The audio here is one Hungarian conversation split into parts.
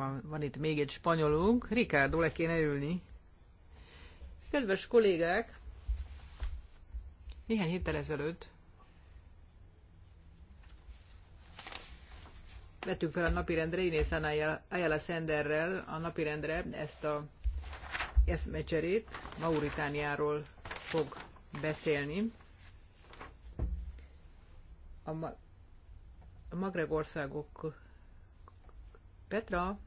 van, van itt még egy spanyolunk. Ricardo, le kéne ülni. Kedves kollégák, néhány héttel ezelőtt vettük fel a napirendre Inés Ayala Senderrel a napirendre ezt a eszmecserét Mauritániáról fog beszélni. A, ma- a Magreg országok Petra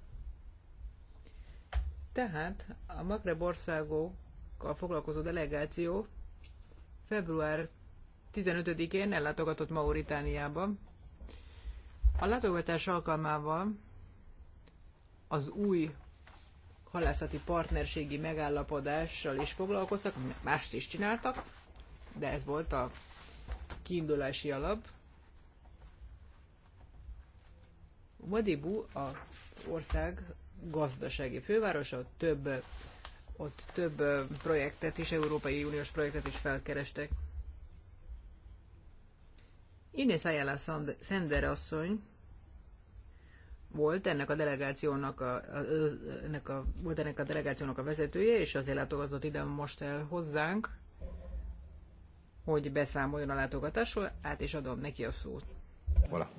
tehát a Magreb országokkal foglalkozó delegáció február 15-én ellátogatott Mauritániába. A látogatás alkalmával az új halászati partnerségi megállapodással is foglalkoztak, mást is csináltak, de ez volt a kiindulási alap. Madibu az ország gazdasági főváros, ott több, ott több projektet is, Európai Uniós projektet is felkerestek. Inés Ayala Szender asszony volt ennek a delegációnak a, a, ennek a, volt ennek a delegációnak a vezetője, és azért látogatott ide most el hozzánk, hogy beszámoljon a látogatásról, át és adom neki a szót. Hola.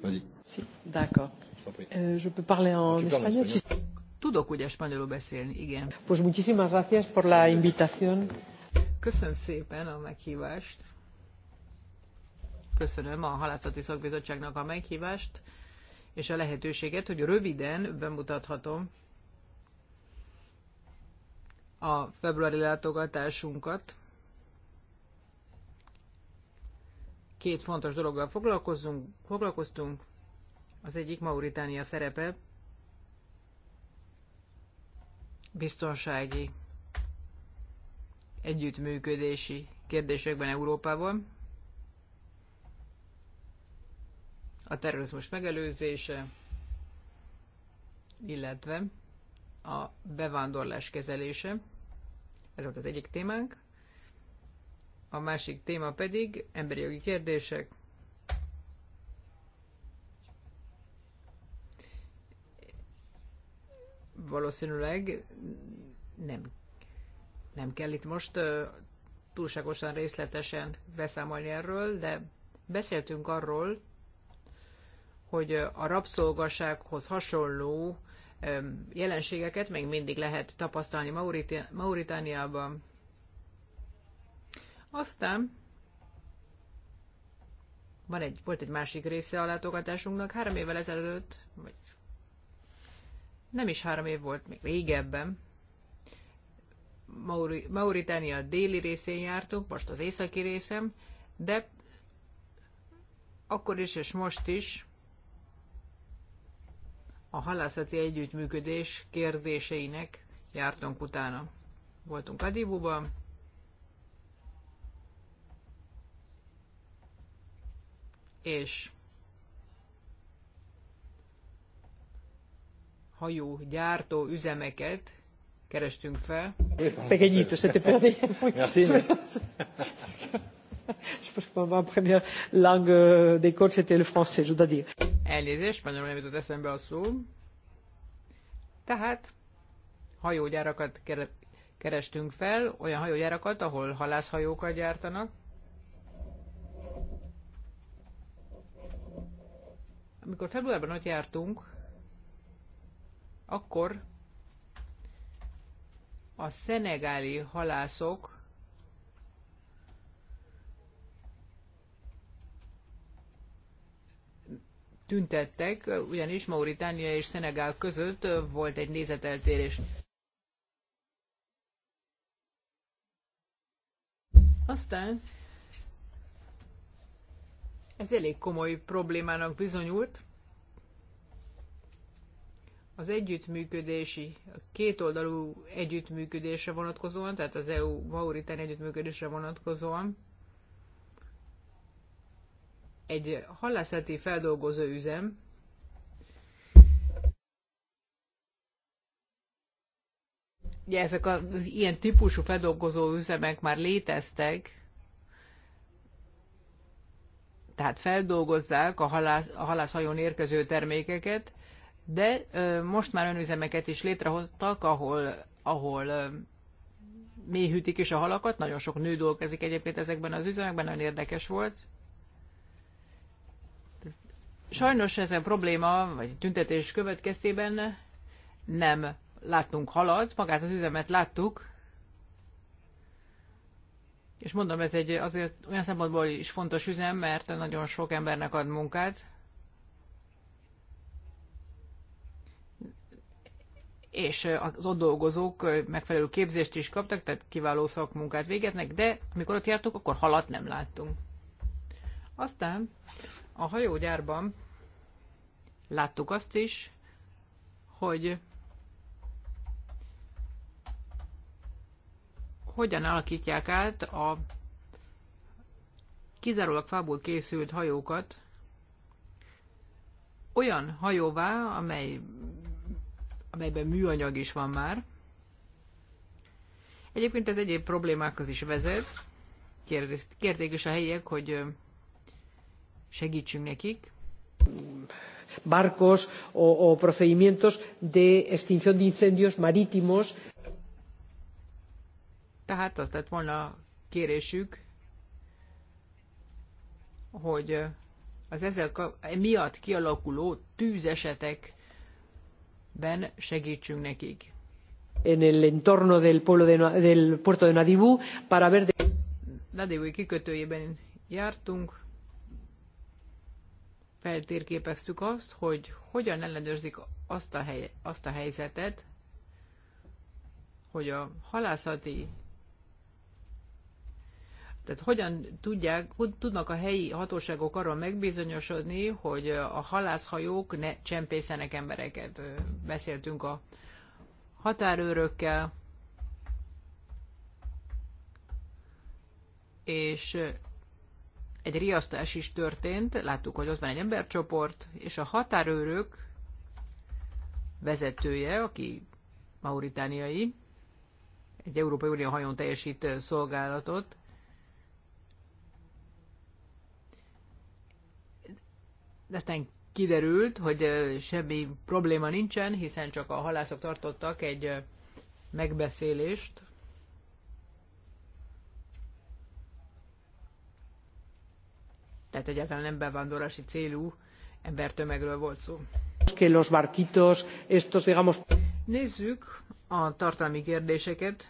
vas Si, d'accord. Euh, je peux parler en espagnol. Tudok ugye spanyolul beszélni, igen. Pues muchísimas gracias por la invitación. Köszönöm szépen a meghívást. Köszönöm a Halászati Szakbizottságnak a meghívást és a lehetőséget, hogy röviden bemutathatom a februári látogatásunkat. Két fontos dologgal foglalkozunk, foglalkoztunk, az egyik Mauritánia szerepe biztonsági együttműködési kérdésekben Európával. A terrorizmus megelőzése, illetve a bevándorlás kezelése. Ez volt az egyik témánk. A másik téma pedig emberi jogi kérdések, valószínűleg nem, nem kell itt most túlságosan részletesen beszámolni erről, de beszéltünk arról, hogy a rabszolgasághoz hasonló jelenségeket még mindig lehet tapasztalni Mauriti Mauritániában. Aztán van egy, volt egy másik része a látogatásunknak, három évvel ezelőtt, vagy nem is három év volt, még régebben, Mauri, Mauritánia déli részén jártunk, most az északi részem, de akkor is és most is a halászati együttműködés kérdéseinek jártunk utána. Voltunk Adibuban, és hajó gyártó üzemeket kerestünk fel. Meg egy te perdí. Merci. Je pense que ma première langue euh, d'école, c'était le français, je dois dire. Elnézést, nem jutott eszembe a szó. Tehát hajógyárakat kerestünk fel, olyan hajógyárakat, ahol halászhajókat gyártanak. Amikor februárban ott jártunk, akkor a szenegáli halászok tüntettek, ugyanis Mauritánia és Szenegál között volt egy nézeteltérés. Aztán ez elég komoly problémának bizonyult, az együttműködési, a kétoldalú együttműködésre vonatkozóan, tehát az EU Mauritán együttműködésre vonatkozóan egy halászati feldolgozó üzem, Ugye ezek az ilyen típusú feldolgozó üzemek már léteztek, tehát feldolgozzák a, halász, a halászhajón érkező termékeket, de most már önüzemeket is létrehoztak, ahol, ahol hűtik is a halakat. Nagyon sok nő dolgozik egyébként ezekben az üzemekben, nagyon érdekes volt. Sajnos ez a probléma, vagy tüntetés következtében nem láttunk halat, magát az üzemet láttuk, és mondom, ez egy azért olyan szempontból is fontos üzem, mert nagyon sok embernek ad munkát. és az ott dolgozók megfelelő képzést is kaptak, tehát kiváló szakmunkát végeznek, de amikor ott jártunk, akkor halat nem láttunk. Aztán a hajógyárban láttuk azt is, hogy hogyan alakítják át a kizárólag fából készült hajókat olyan hajóvá, amely amelyben műanyag is van már. Egyébként ez egyéb problémákhoz is vezet. Kérték is a helyiek, hogy segítsünk nekik. Barcos o, o procedimientos de extinción de incendios marítimos. Tehát azt lett volna kérésük, hogy az ezzel miatt kialakuló tűzesetek ben segítsünk nekik. En el entorno del, pueblo de, del puerto de Nadibú para ver de... Nadibu kikötőjében jártunk, feltérképeztük azt, hogy hogyan ellenőrzik azt a, hely, azt a helyzetet, hogy a halászati tehát hogyan tudják, hogy tudnak a helyi hatóságok arról megbizonyosodni, hogy a halászhajók ne csempészenek embereket? Beszéltünk a határőrökkel, és egy riasztás is történt, láttuk, hogy ott van egy embercsoport, és a határőrök vezetője, aki mauritániai, egy Európai Unió hajón teljesít szolgálatot, De aztán kiderült, hogy semmi probléma nincsen, hiszen csak a halászok tartottak egy megbeszélést, tehát egyáltalán nem bevándorlási célú embertömegről volt szó. Nézzük a tartalmi kérdéseket.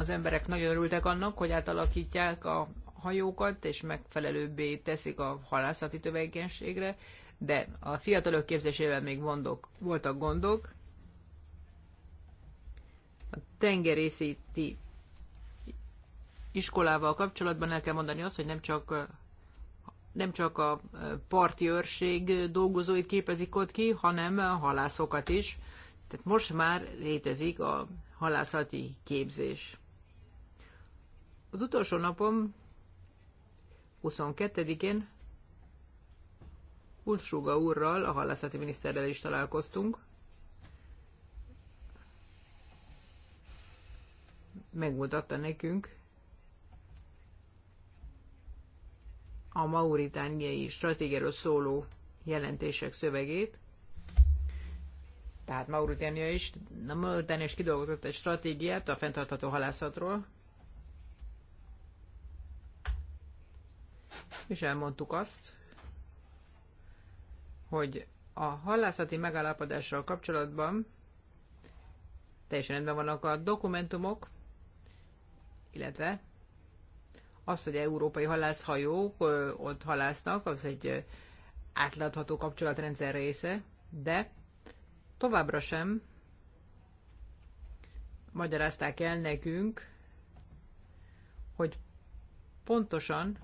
az emberek nagyon örültek annak, hogy átalakítják a hajókat, és megfelelőbbé teszik a halászati tevékenységre, de a fiatalok képzésével még gondok voltak gondok. A tengerészeti iskolával kapcsolatban el kell mondani azt, hogy nem csak nem csak a parti őrség dolgozóit képezik ott ki, hanem a halászokat is. Tehát most már létezik a halászati képzés. Az utolsó napom, 22-én, Ultsuga úrral, a hallászati miniszterrel is találkoztunk. Megmutatta nekünk a mauritániai stratégiáról szóló jelentések szövegét. Tehát Mauritánia is, Mauritánia is kidolgozott egy stratégiát a fenntartható halászatról, és elmondtuk azt, hogy a hallászati megállapodással kapcsolatban teljesen rendben vannak a dokumentumok, illetve az, hogy európai halászhajók ott halásznak, az egy átlátható kapcsolatrendszer része, de továbbra sem magyarázták el nekünk, hogy pontosan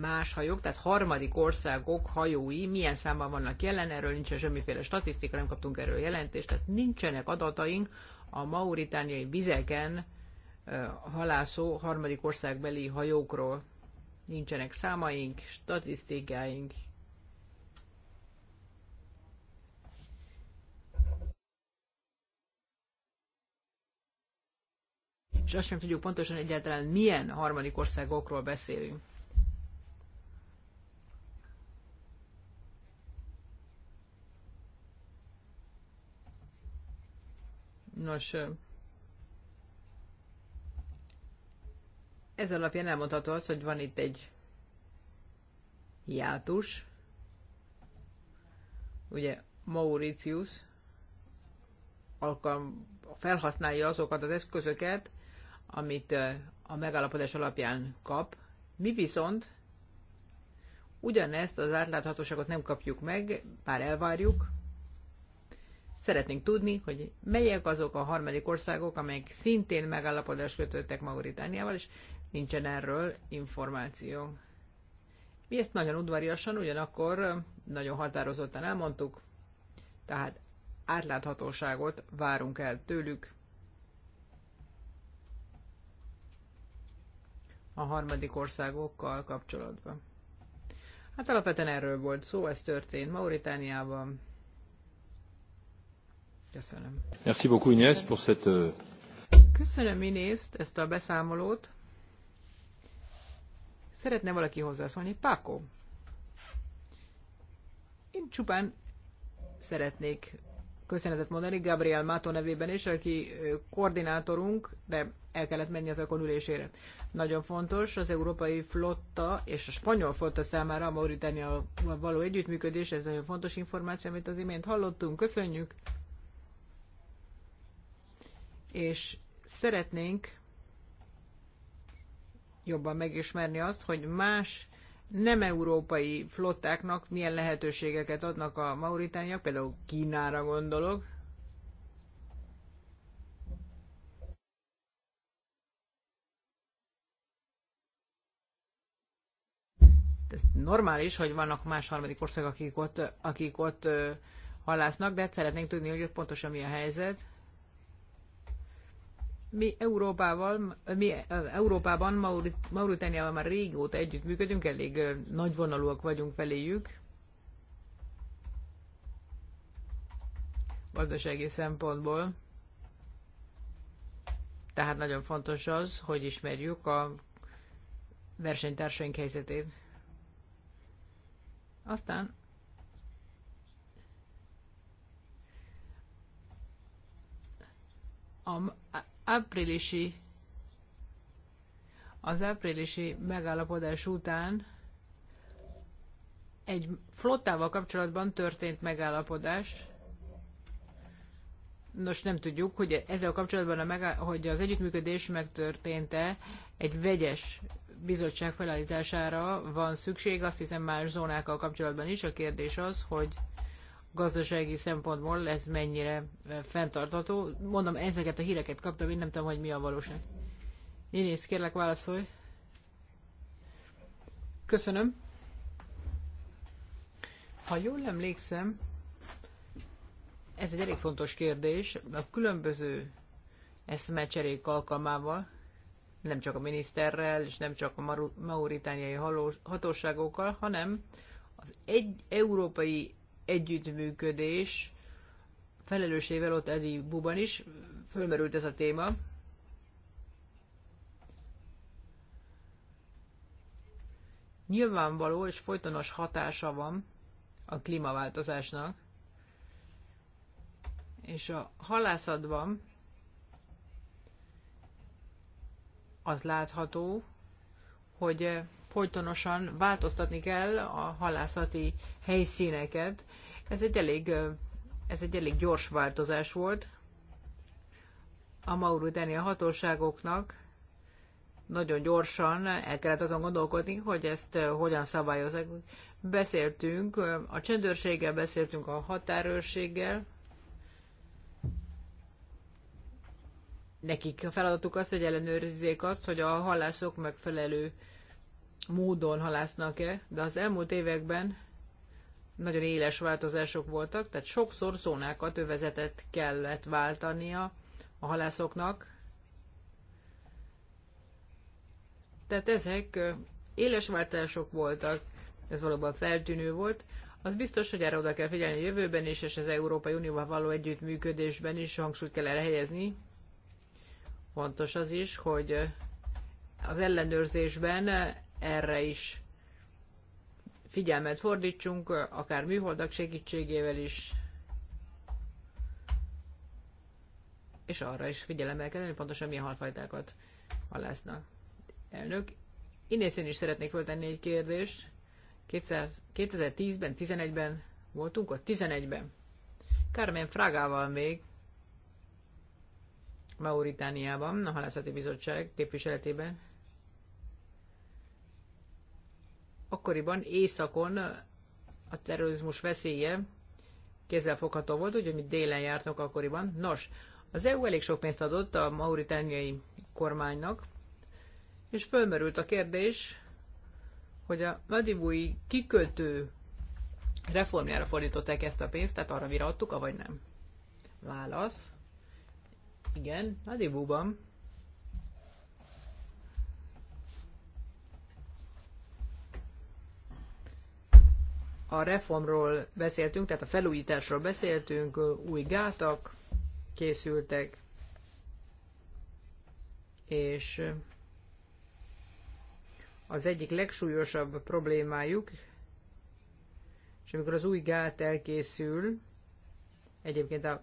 más hajók, tehát harmadik országok hajói milyen számban vannak jelen, erről nincsen semmiféle statisztika, nem kaptunk erről jelentést, tehát nincsenek adataink a mauritániai vizeken halászó harmadik országbeli hajókról. Nincsenek számaink, statisztikáink, és azt sem tudjuk pontosan egyáltalán milyen harmadik országokról beszélünk. Nos, ez alapján elmondható az, hogy van itt egy hiátus, ugye Mauritius alkalm, felhasználja azokat az eszközöket, amit a megállapodás alapján kap. Mi viszont ugyanezt az átláthatóságot nem kapjuk meg, bár elvárjuk, Szeretnénk tudni, hogy melyek azok a harmadik országok, amelyek szintén megállapodást kötöttek Mauritániával, és nincsen erről információ. Mi ezt nagyon udvariasan, ugyanakkor nagyon határozottan elmondtuk, tehát átláthatóságot várunk el tőlük. a harmadik országokkal kapcsolatban. Hát alapvetően erről volt szó, ez történt Mauritániában, Köszönöm. Merci beaucoup Inés pour cette... Euh, Köszönöm Inészt, ezt a beszámolót. Szeretne valaki hozzászólni? Páko? Én csupán szeretnék köszönetet mondani Gabriel Mato nevében is, aki koordinátorunk, de el kellett menni az akon ülésére. Nagyon fontos az európai flotta és a spanyol flotta számára a Mauritániával való együttműködés, ez nagyon fontos információ, amit az imént hallottunk. Köszönjük! és szeretnénk jobban megismerni azt, hogy más nem európai flottáknak milyen lehetőségeket adnak a mauritániak, például Kínára gondolok. Ez normális, hogy vannak más harmadik országok, akik ott, akik ott halásznak, de hát szeretnénk tudni, hogy pontosan mi a helyzet. Mi Európával, mi Európában, Maurit- Mauritániával már régóta együttműködünk, elég nagyvonalúak vagyunk feléjük. Gazdasági szempontból. Tehát nagyon fontos az, hogy ismerjük a versenytársaink helyzetét. Aztán a áprilisi az áprilisi megállapodás után egy flottával kapcsolatban történt megállapodás. Nos, nem tudjuk, hogy ezzel kapcsolatban a megáll- hogy az együttműködés megtörtént-e egy vegyes bizottság felállítására van szükség. Azt hiszem más zónákkal kapcsolatban is. A kérdés az, hogy gazdasági szempontból ez mennyire fenntartható. Mondom, ezeket a híreket kaptam, én nem tudom, hogy mi a valóság. Nénész, kérlek válaszolj. Köszönöm. Ha jól emlékszem, ez egy elég fontos kérdés. A különböző eszmecserék alkalmával, nem csak a miniszterrel, és nem csak a mauritániai hatóságokkal, hanem az egy európai együttműködés felelősével ott Edi Buban is fölmerült ez a téma. Nyilvánvaló és folytonos hatása van a klímaváltozásnak, és a halászatban az látható, hogy folytonosan változtatni kell a halászati helyszíneket. Ez egy elég, ez egy elég gyors változás volt. A Mauritánia hatóságoknak nagyon gyorsan el kellett azon gondolkodni, hogy ezt hogyan szabályozzák. Beszéltünk a csendőrséggel, beszéltünk a határőrséggel, nekik a feladatuk az, hogy ellenőrizzék azt, hogy a halászok megfelelő módon halásznak-e, de az elmúlt években nagyon éles változások voltak, tehát sokszor szónákat, övezetet kellett váltania a halászoknak. Tehát ezek éles változások voltak, ez valóban feltűnő volt. Az biztos, hogy erre oda kell figyelni a jövőben is, és az Európai Unióval való együttműködésben is hangsúlyt kell elhelyezni. Fontos az is, hogy az ellenőrzésben erre is figyelmet fordítsunk, akár műholdak segítségével is, és arra is figyelemmel kell hogy pontosan milyen halfajtákat halásznak. Elnök, Inészén is szeretnék föltenni egy kérdést. 2010-ben, 11-ben voltunk ott? 11-ben. Carmen Fragával még Mauritániában, a Halászati Bizottság képviseletében akkoriban éjszakon a terrorizmus veszélye kézzelfogható volt, úgyhogy mi délen jártunk akkoriban. Nos, az EU elég sok pénzt adott a mauritániai kormánynak, és fölmerült a kérdés, hogy a Madibui kikötő reformjára fordították ezt a pénzt, tehát arra mire adtuk, avagy nem. Válasz. Igen, Madibuban a reformról beszéltünk, tehát a felújításról beszéltünk, új gátak készültek, és az egyik legsúlyosabb problémájuk, és amikor az új gát elkészül, egyébként a,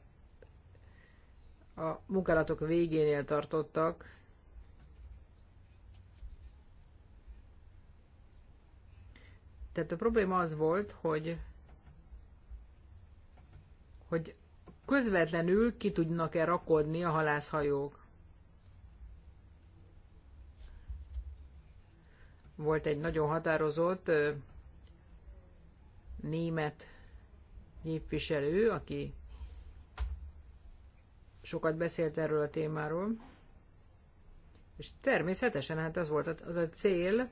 a munkálatok végénél tartottak, Tehát a probléma az volt, hogy, hogy közvetlenül ki tudnak-e rakodni a halászhajók. Volt egy nagyon határozott német képviselő, aki sokat beszélt erről a témáról, és természetesen hát az volt az a cél,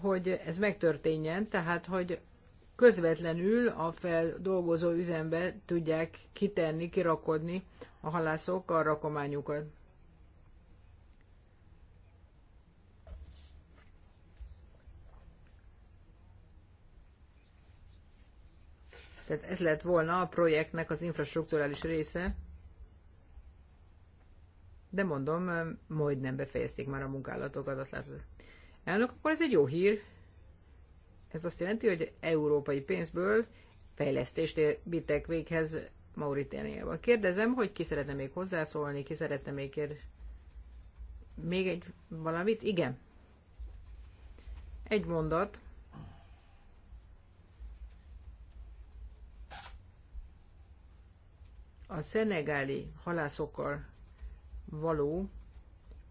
hogy ez megtörténjen, tehát hogy közvetlenül a feldolgozó üzembe tudják kitenni, kirakodni a halászok a rakományukat. Tehát ez lett volna a projektnek az infrastruktúrális része, de mondom, majdnem nem befejezték már a munkálatokat, azt látod elnök, akkor ez egy jó hír. Ez azt jelenti, hogy európai pénzből fejlesztést bitek véghez Mauritániában. Kérdezem, hogy ki szeretne még hozzászólni, ki szeretne még kér... Még egy valamit? Igen. Egy mondat. A szenegáli halászokkal való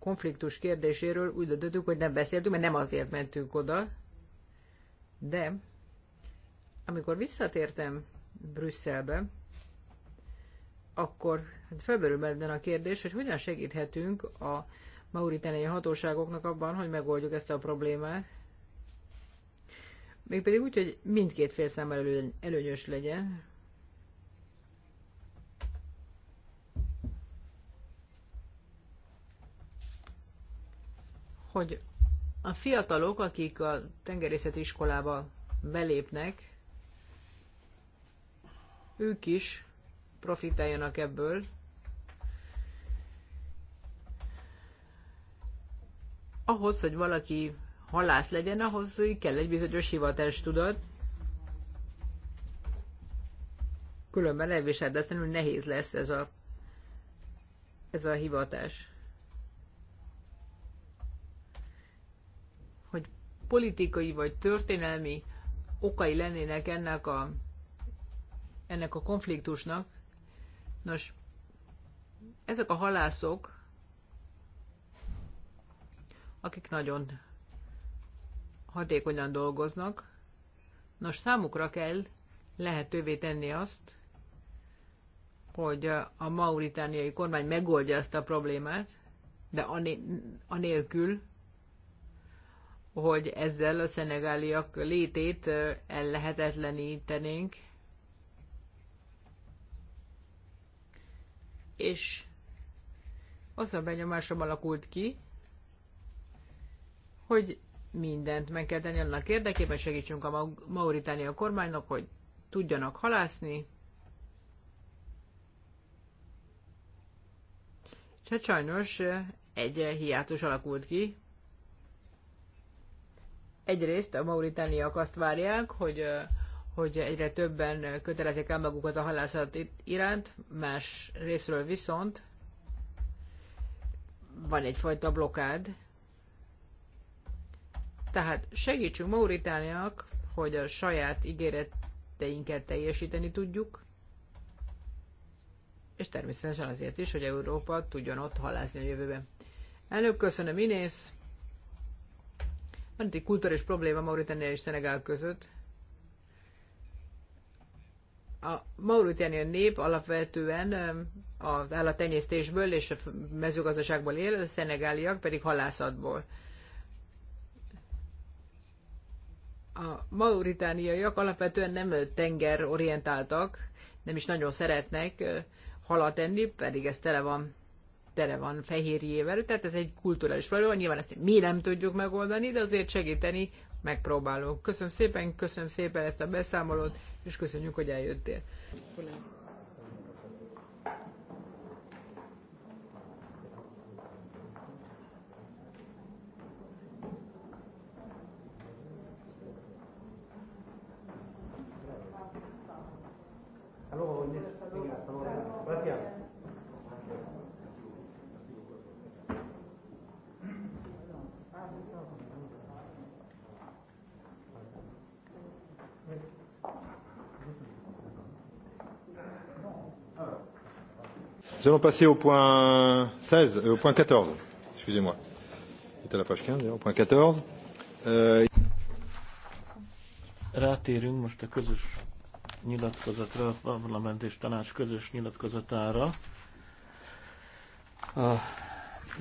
konfliktus kérdéséről úgy döntöttük, hogy nem beszéltünk, mert nem azért mentünk oda, de amikor visszatértem Brüsszelbe, akkor hát felmerül a kérdés, hogy hogyan segíthetünk a mauritániai hatóságoknak abban, hogy megoldjuk ezt a problémát, mégpedig úgy, hogy mindkét fél számára előnyös legyen, hogy a fiatalok, akik a tengerészeti iskolába belépnek, ők is profitáljanak ebből. Ahhoz, hogy valaki halász legyen, ahhoz kell egy bizonyos hivatás tudat. Különben elviselhetetlenül nehéz lesz ez a, ez a hivatás. politikai vagy történelmi okai lennének ennek a, ennek a konfliktusnak. Nos, ezek a halászok, akik nagyon hatékonyan dolgoznak, nos, számukra kell lehetővé tenni azt, hogy a mauritániai kormány megoldja ezt a problémát, de anélkül, hogy ezzel a szenegáliak létét ellehetetlenítenénk. És az a benyomásom alakult ki, hogy mindent meg kell tenni annak érdekében, segítsünk a Mauritánia kormánynak, hogy tudjanak halászni. Csak hát sajnos egy hiátus alakult ki, Egyrészt a mauritániak azt várják, hogy, hogy egyre többen kötelezik el magukat a halászat iránt, más részről viszont van egyfajta blokád. Tehát segítsünk Mauritániak, hogy a saját ígéreteinket teljesíteni tudjuk, és természetesen azért is, hogy Európa tudjon ott halászni a jövőben. Elnök, köszönöm Inész! Van itt egy kulturális probléma Mauritania és Senegal között. A Mauritania nép alapvetően az állattenyésztésből és a mezőgazdaságból él, a szenegáliak pedig halászatból. a mauritániaiak alapvetően nem tengerorientáltak, nem is nagyon szeretnek halat enni, pedig ez tele van tele van fehérjével, tehát ez egy kulturális probléma, nyilván ezt mi nem tudjuk megoldani, de azért segíteni megpróbálok. Köszönöm szépen, köszönöm szépen ezt a beszámolót, és köszönjük, hogy eljöttél. Nous allons passer au point 16, euh, au point 14. Excusez-moi. C'est à la page 15 au point 14. Euh... Rátérünk most a közös nyilatkozatra, a parlament és tanács közös nyilatkozatára. A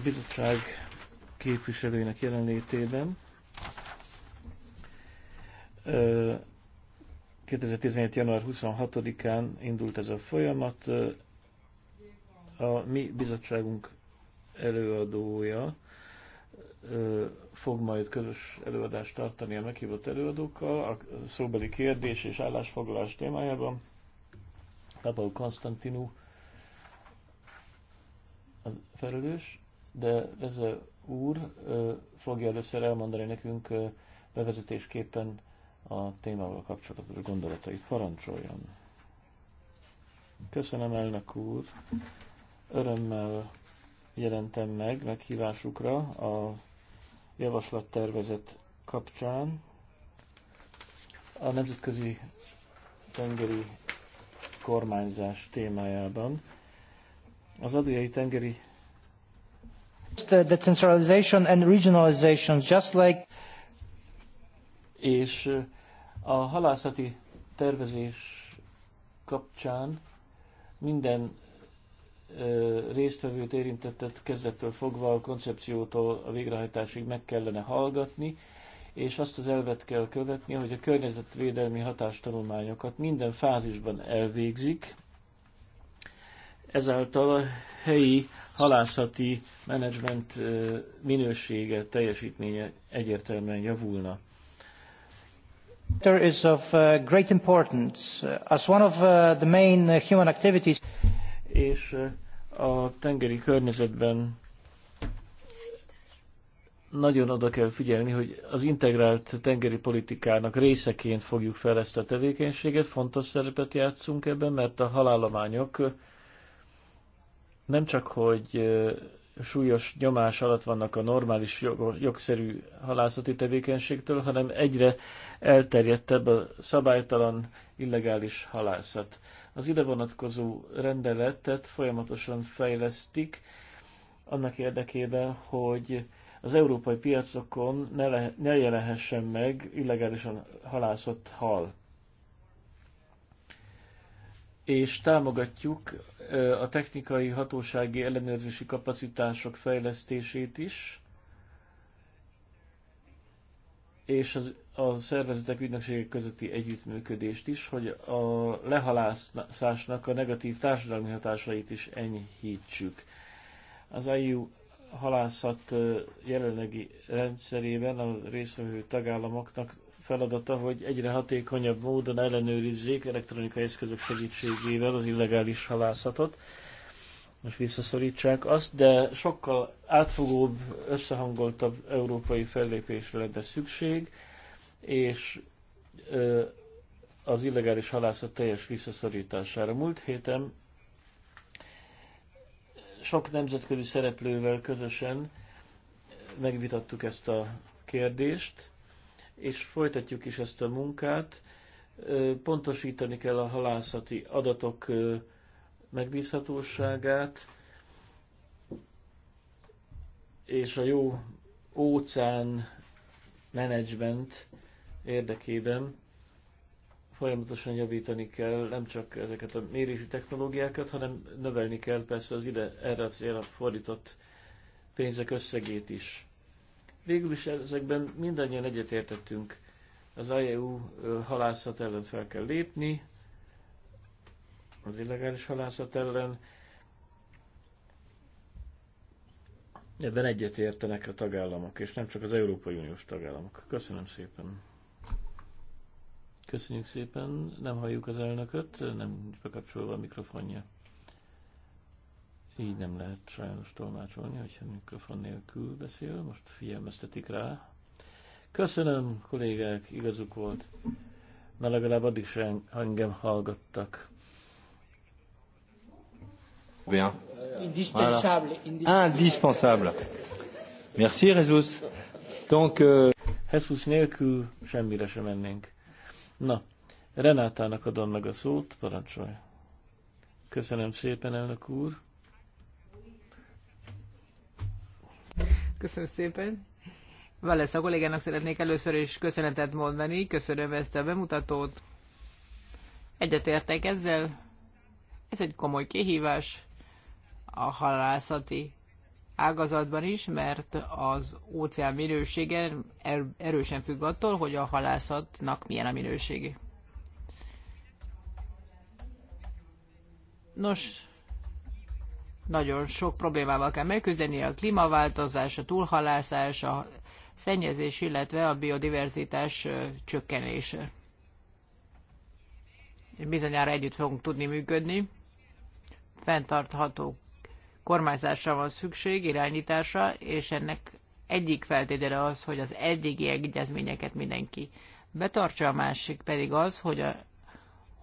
bizottság képviselőinek jelenlétében. 2017. január 26-án indult ez a folyamat, a mi bizottságunk előadója fog majd közös előadást tartani a meghívott előadókkal a szóbeli kérdés és állásfoglalás témájában. Papa Konstantinu az felelős, de ez a úr fogja először elmondani nekünk bevezetésképpen a témával kapcsolatos gondolatait. Parancsoljon! Köszönöm, elnök úr! Örömmel jelentem meg meghívásukra a javaslattervezet kapcsán. A nemzetközi tengeri kormányzás témájában. Az adriai tengeri decentralization and regionalization, just like és eh, a halászati tervezés kapcsán minden résztvevőt, érintettet kezdettől fogva a koncepciótól a végrehajtásig meg kellene hallgatni, és azt az elvet kell követni, hogy a környezetvédelmi hatástanulmányokat minden fázisban elvégzik, ezáltal a helyi halászati menedzsment minősége, teljesítménye egyértelműen javulna. is of uh, great importance as one of uh, the main uh, human activities és a tengeri környezetben nagyon oda kell figyelni, hogy az integrált tengeri politikának részeként fogjuk fel ezt a tevékenységet, fontos szerepet játszunk ebben, mert a halállományok nem csak, hogy súlyos nyomás alatt vannak a normális jogszerű halászati tevékenységtől, hanem egyre elterjedtebb a szabálytalan, illegális halászat. Az ide vonatkozó rendeletet folyamatosan fejlesztik annak érdekében, hogy az európai piacokon ne, le, ne jelenhessen meg illegálisan halászott hal. És támogatjuk a technikai hatósági ellenőrzési kapacitások fejlesztését is, és az a szervezetek ügynökségek közötti együttműködést is, hogy a lehalászásnak a negatív társadalmi hatásait is enyhítsük. Az EU halászat jelenlegi rendszerében a részvevő tagállamoknak feladata, hogy egyre hatékonyabb módon ellenőrizzék elektronikai eszközök segítségével az illegális halászatot, most visszaszorítsák azt, de sokkal átfogóbb, összehangoltabb európai fellépésre lenne szükség, és az illegális halászat teljes visszaszorítására. Múlt héten sok nemzetközi szereplővel közösen megvitattuk ezt a kérdést, és folytatjuk is ezt a munkát. Pontosítani kell a halászati adatok megbízhatóságát, és a jó óceán menedzsment érdekében folyamatosan javítani kell nem csak ezeket a mérési technológiákat, hanem növelni kell persze az ide erre a célra fordított pénzek összegét is. Végül is ezekben mindannyian egyetértettünk. Az IEU halászat ellen fel kell lépni, az illegális halászat ellen. Ebben egyetértenek a tagállamok, és nem csak az Európai Uniós tagállamok. Köszönöm szépen! Köszönjük szépen. Nem halljuk az elnököt, nem nincs bekapcsolva a mikrofonja. Így nem lehet sajnos tolmácsolni, hogyha mikrofon nélkül beszél. Most figyelmeztetik rá. Köszönöm, kollégák, igazuk volt. Na legalább addig sem engem hallgattak. Bien. Indispensable. Voilà. Indispensable. Merci, Jesus. Donc, euh... Jesus nélkül semmire sem mennénk. Na, Renátának adom meg a szót, parancsolj. Köszönöm szépen, elnök úr. Köszönöm szépen. Valesz a kollégának szeretnék először is köszönetet mondani. Köszönöm ezt a bemutatót. Egyetértek ezzel. Ez egy komoly kihívás a halászati ágazatban is, mert az óceán minősége er-, erősen függ attól, hogy a halászatnak milyen a minősége. Nos, nagyon sok problémával kell megküzdeni, a klímaváltozás, a túlhalászás, a szennyezés, illetve a biodiverzitás csökkenése. Bizonyára együtt fogunk tudni működni, fenntartható kormányzásra van szükség, irányítása és ennek egyik feltétele az, hogy az eddigi egyezményeket mindenki betartsa, a másik pedig az, hogy a,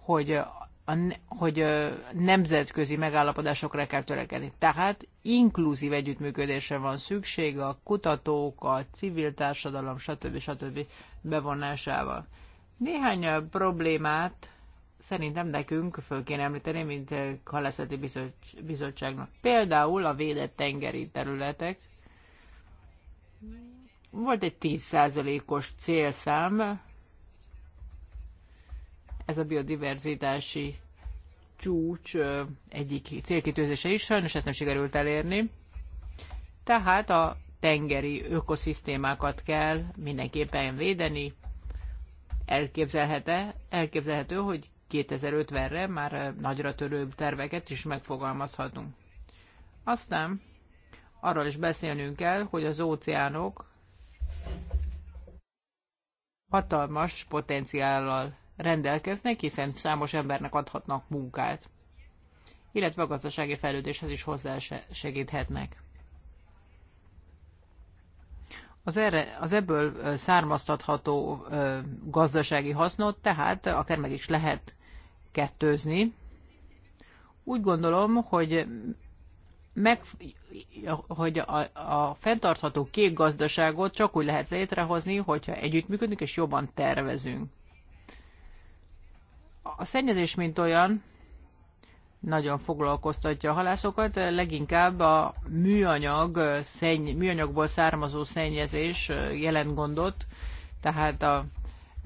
hogy a, a, hogy a nemzetközi megállapodásokra kell törekedni. Tehát inkluzív együttműködésre van szükség a kutatók, a civil társadalom, stb. stb. bevonásával. Néhány problémát szerintem nekünk föl kéne említeni, mint halászati bizottságnak. Például a védett tengeri területek. Volt egy 10%-os célszám, ez a biodiverzitási csúcs egyik célkitűzése is, sajnos ezt nem sikerült elérni. Tehát a tengeri ökoszisztémákat kell mindenképpen védeni. Elképzelhető, elképzelhető hogy 2050-re már nagyra törő terveket is megfogalmazhatunk. Aztán arról is beszélnünk kell, hogy az óceánok hatalmas potenciállal rendelkeznek, hiszen számos embernek adhatnak munkát, illetve a gazdasági fejlődéshez is hozzásegíthetnek. Az, erre, az ebből származtatható gazdasági hasznot tehát akár meg is lehet kettőzni. Úgy gondolom, hogy meg, hogy a, a fenntartható kék gazdaságot csak úgy lehet létrehozni, hogyha együttműködünk és jobban tervezünk. A szennyezés, mint olyan, nagyon foglalkoztatja a halászokat, leginkább a műanyag, szenny, műanyagból származó szennyezés jelent gondot, tehát a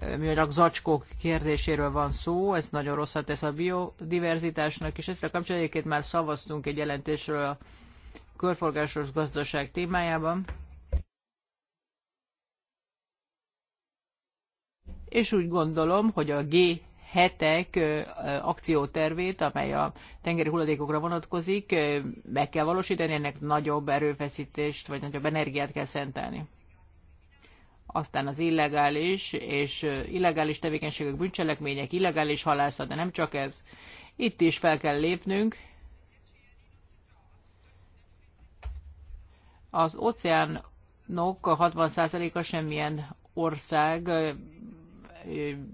műanyag zacskók kérdéséről van szó, ez nagyon rosszat tesz a biodiverzitásnak, és ezt a egyébként már szavaztunk egy jelentésről a körforgásos gazdaság témájában. És úgy gondolom, hogy a G 7 ek akciótervét, amely a tengeri hulladékokra vonatkozik, meg kell valósítani, ennek nagyobb erőfeszítést, vagy nagyobb energiát kell szentelni aztán az illegális és illegális tevékenységek, bűncselekmények, illegális halászat, de nem csak ez. Itt is fel kell lépnünk. Az óceánok a 60%-a semmilyen ország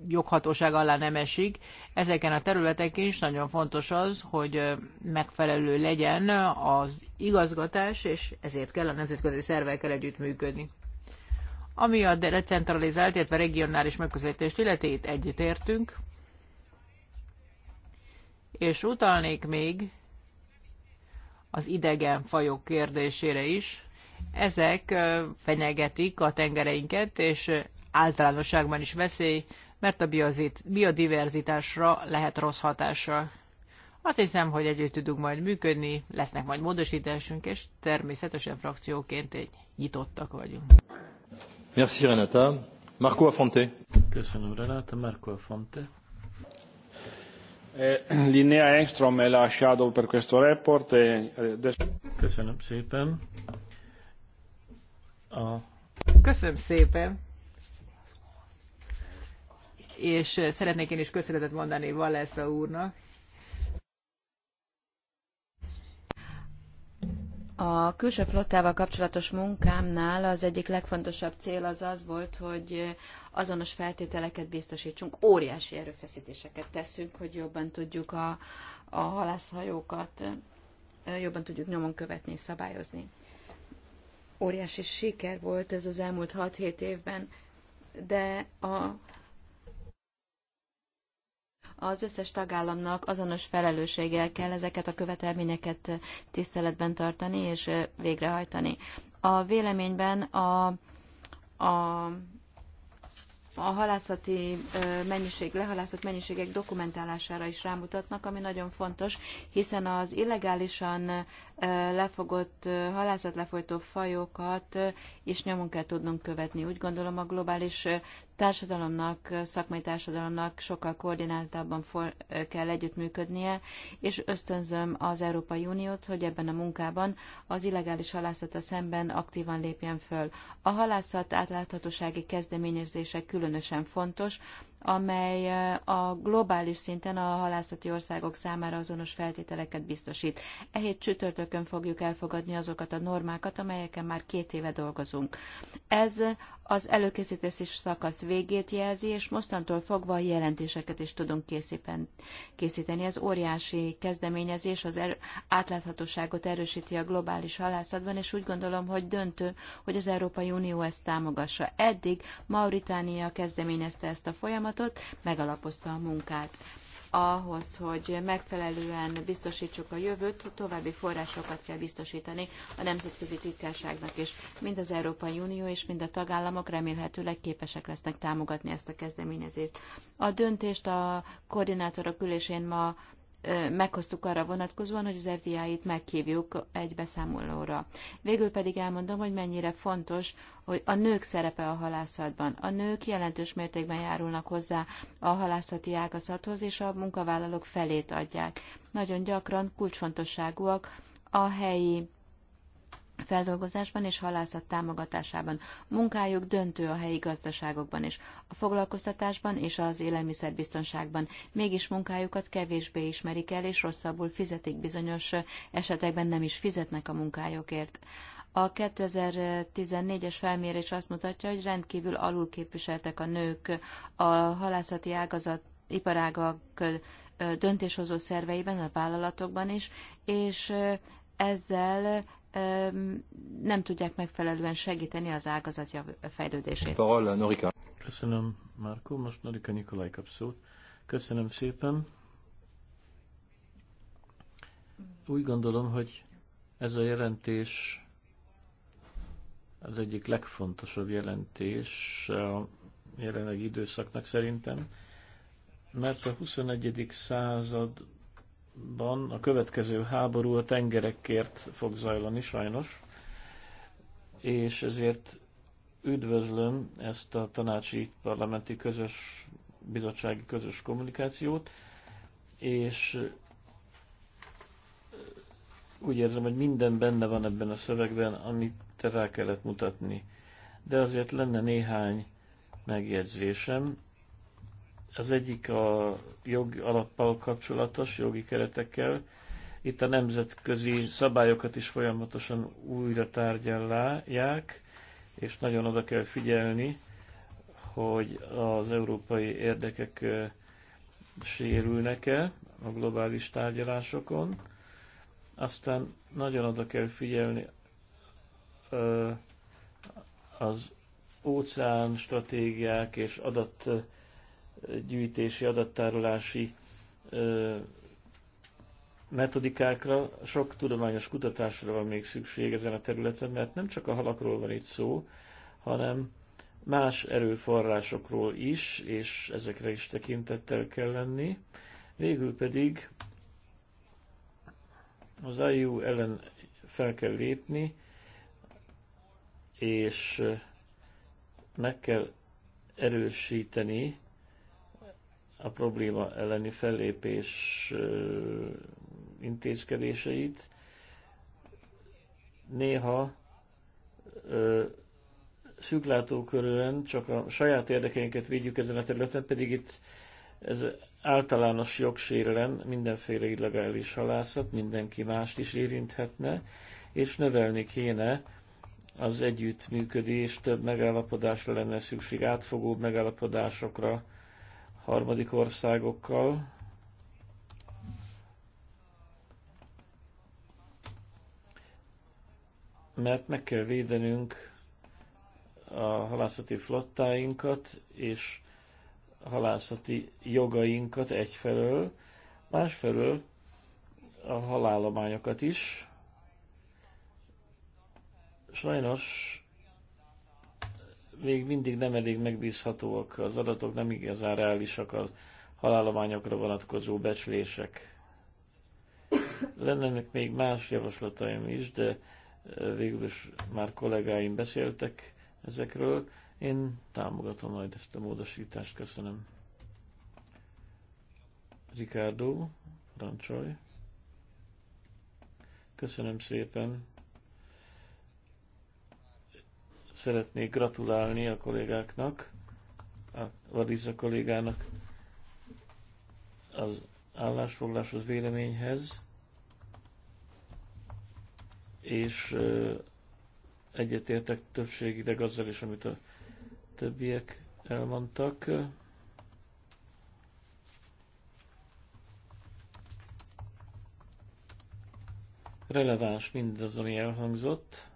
joghatóság alá nem esik. Ezeken a területeken is nagyon fontos az, hogy megfelelő legyen az igazgatás, és ezért kell a nemzetközi szervekkel együttműködni. Ami a decentralizált, illetve regionális megközelítést illeti, itt egyetértünk. És utalnék még az idegen fajok kérdésére is. Ezek fenyegetik a tengereinket, és általánosságban is veszély, mert a biodiverzitásra lehet rossz hatással. Azt hiszem, hogy együtt tudunk majd működni, lesznek majd módosításunk, és természetesen frakcióként egy nyitottak vagyunk. Merci Renata. Marco Köszönöm Renata, Marco eh, Linnea Engström per questo report. Eh, Köszönöm szépen. A... Köszönöm szépen. És eh, szeretnék én is köszönetet mondani Valesza úrnak, A külső flottával kapcsolatos munkámnál az egyik legfontosabb cél az az volt, hogy azonos feltételeket biztosítsunk. Óriási erőfeszítéseket teszünk, hogy jobban tudjuk a, a halászhajókat, jobban tudjuk nyomon követni, szabályozni. Óriási siker volt ez az elmúlt 6-7 évben, de a az összes tagállamnak azonos felelősséggel kell ezeket a követelményeket tiszteletben tartani és végrehajtani. A véleményben a, a a halászati mennyiség, lehalászott mennyiségek dokumentálására is rámutatnak, ami nagyon fontos, hiszen az illegálisan lefogott lefolytó fajokat is nyomon kell tudnunk követni. Úgy gondolom a globális társadalomnak, szakmai társadalomnak sokkal koordináltabban for, kell együttműködnie, és ösztönzöm az Európai Uniót, hogy ebben a munkában az illegális halászata szemben aktívan lépjen föl. A halászat átláthatósági kezdeményezése különösen fontos, amely a globális szinten a halászati országok számára azonos feltételeket biztosít. E hét csütörtökön fogjuk elfogadni azokat a normákat, amelyeken már két éve dolgozunk. Ez az előkészítési szakasz végét jelzi, és mostantól fogva a jelentéseket is tudunk készíten, készíteni. Ez óriási kezdeményezés, az erő, átláthatóságot erősíti a globális halászatban, és úgy gondolom, hogy döntő, hogy az Európai Unió ezt támogassa. Eddig Mauritánia kezdeményezte ezt a folyamatot, megalapozta a munkát ahhoz, hogy megfelelően biztosítsuk a jövőt, további forrásokat kell biztosítani a nemzetközi titkárságnak is. Mind az Európai Unió és mind a tagállamok remélhetőleg képesek lesznek támogatni ezt a kezdeményezést. A döntést a koordinátorok ülésén ma meghoztuk arra vonatkozóan, hogy az FDI-t meghívjuk egy beszámolóra. Végül pedig elmondom, hogy mennyire fontos, hogy a nők szerepe a halászatban. A nők jelentős mértékben járulnak hozzá a halászati ágazathoz, és a munkavállalók felét adják. Nagyon gyakran kulcsfontosságúak a helyi feldolgozásban és halászat támogatásában. Munkájuk döntő a helyi gazdaságokban is, a foglalkoztatásban és az élelmiszerbiztonságban. Mégis munkájukat kevésbé ismerik el, és rosszabbul fizetik bizonyos esetekben nem is fizetnek a munkájukért. A 2014-es felmérés azt mutatja, hogy rendkívül alulképviseltek a nők a halászati ágazat iparágak döntéshozó szerveiben, a vállalatokban is, és ezzel nem tudják megfelelően segíteni az ágazat fejlődését. Köszönöm, Márko. Most Norika Nikolaj kap szót. Köszönöm szépen. Úgy gondolom, hogy ez a jelentés az egyik legfontosabb jelentés a jelenlegi időszaknak szerintem, mert a 21. század ban a következő háború a tengerekért fog zajlani sajnos, és ezért üdvözlöm ezt a tanácsi parlamenti közös bizottsági közös kommunikációt, és úgy érzem, hogy minden benne van ebben a szövegben, amit rá kellett mutatni. De azért lenne néhány megjegyzésem, az egyik a jog alappal kapcsolatos, jogi keretekkel. Itt a nemzetközi szabályokat is folyamatosan újra tárgyalják, és nagyon oda kell figyelni, hogy az európai érdekek sérülnek-e a globális tárgyalásokon. Aztán nagyon oda kell figyelni az óceán stratégiák és adat gyűjtési, adattárolási metodikákra, sok tudományos kutatásra van még szükség ezen a területen, mert nem csak a halakról van itt szó, hanem más erőforrásokról is, és ezekre is tekintettel kell lenni. Végül pedig az IU ellen fel kell lépni, és meg kell erősíteni a probléma elleni fellépés intézkedéseit, néha szűklátókörűen csak a saját érdekeinket védjük ezen a területen, pedig itt ez általános jogsérelem, mindenféle illegális halászat mindenki mást is érinthetne, és növelni kéne az együttműködés, több megállapodásra lenne szükség, átfogó megállapodásokra, harmadik országokkal. Mert meg kell védenünk a halászati flottáinkat és a halászati jogainkat egyfelől, másfelől a halálományokat is. Sajnos még mindig nem elég megbízhatóak az adatok, nem igazán reálisak a halálományokra vonatkozó becslések. Lennének még más javaslataim is, de e, végül is már kollégáim beszéltek ezekről. Én támogatom majd ezt a módosítást, köszönöm. Ricardo, parancsolj. Köszönöm szépen. Szeretnék gratulálni a kollégáknak, a Vadizza kollégának az állásfogláshoz, véleményhez, és egyetértek többségileg azzal is, amit a többiek elmondtak. Releváns mindaz, ami elhangzott.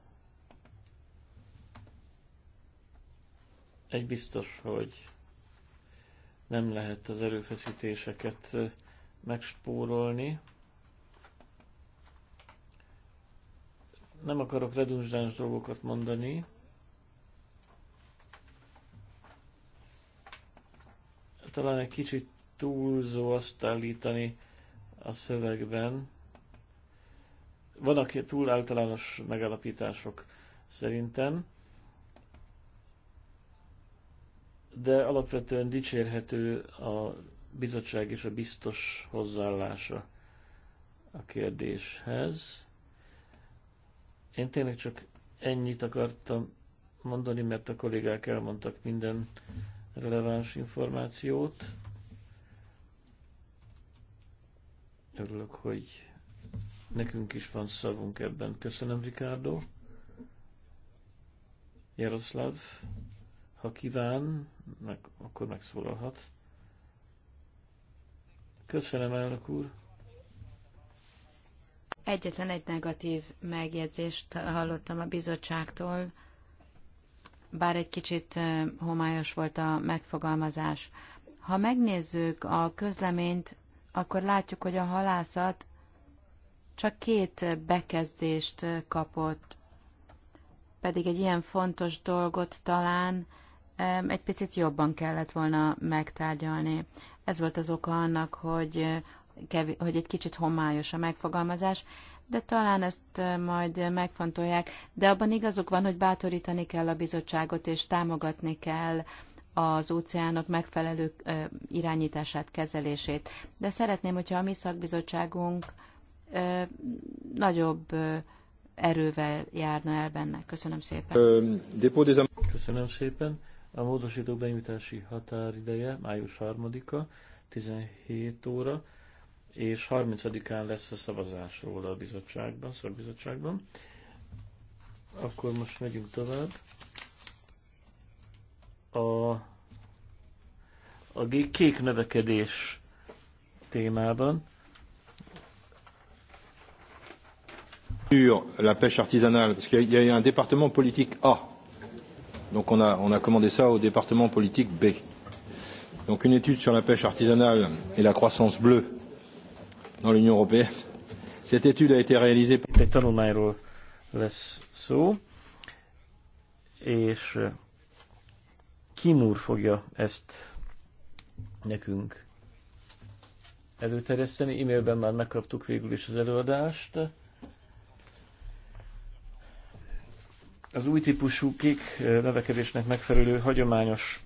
Egy biztos, hogy nem lehet az erőfeszítéseket megspórolni. Nem akarok redundáns dolgokat mondani, talán egy kicsit túlzó azt állítani a szövegben. Vannak túl általános megalapítások szerintem. de alapvetően dicsérhető a bizottság és a biztos hozzáállása a kérdéshez. Én tényleg csak ennyit akartam mondani, mert a kollégák elmondtak minden releváns információt. Örülök, hogy nekünk is van szavunk ebben. Köszönöm, Ricardo. Jaroszláv, ha kíván, meg, akkor megszólalhat. Köszönöm, elnök úr. Egyetlen egy negatív megjegyzést hallottam a bizottságtól, bár egy kicsit homályos volt a megfogalmazás. Ha megnézzük a közleményt, akkor látjuk, hogy a halászat csak két bekezdést kapott, pedig egy ilyen fontos dolgot talán egy picit jobban kellett volna megtárgyalni. Ez volt az oka annak, hogy, eh, kev- hogy egy kicsit homályos a megfogalmazás, de talán ezt eh, majd megfontolják. De abban igazuk van, hogy bátorítani kell a bizottságot, és támogatni kell az óceánok megfelelő eh, irányítását, kezelését. De szeretném, hogyha a mi szakbizottságunk nagyobb erővel járna el benne. Köszönöm szépen. Köszönöm szépen. A módosító benyújtási határideje május 3-a, 17 óra, és 30-án lesz a szavazás róla a bizottságban, szakbizottságban. Akkor most megyünk tovább. A, a kék növekedés témában. La pêche artisanale, parce qu'il y a eu un département politique A Donc on a, on a commandé ça au département politique B. Donc une étude sur la pêche artisanale et la croissance bleue dans l'Union européenne. Cette étude a été réalisée par... Egy tanulmányról lesz szó, és eh, Kimur fogja ezt nekünk előterjeszteni. E-mailben már megkaptuk végül is az előadást. az új típusú kék növekedésnek megfelelő hagyományos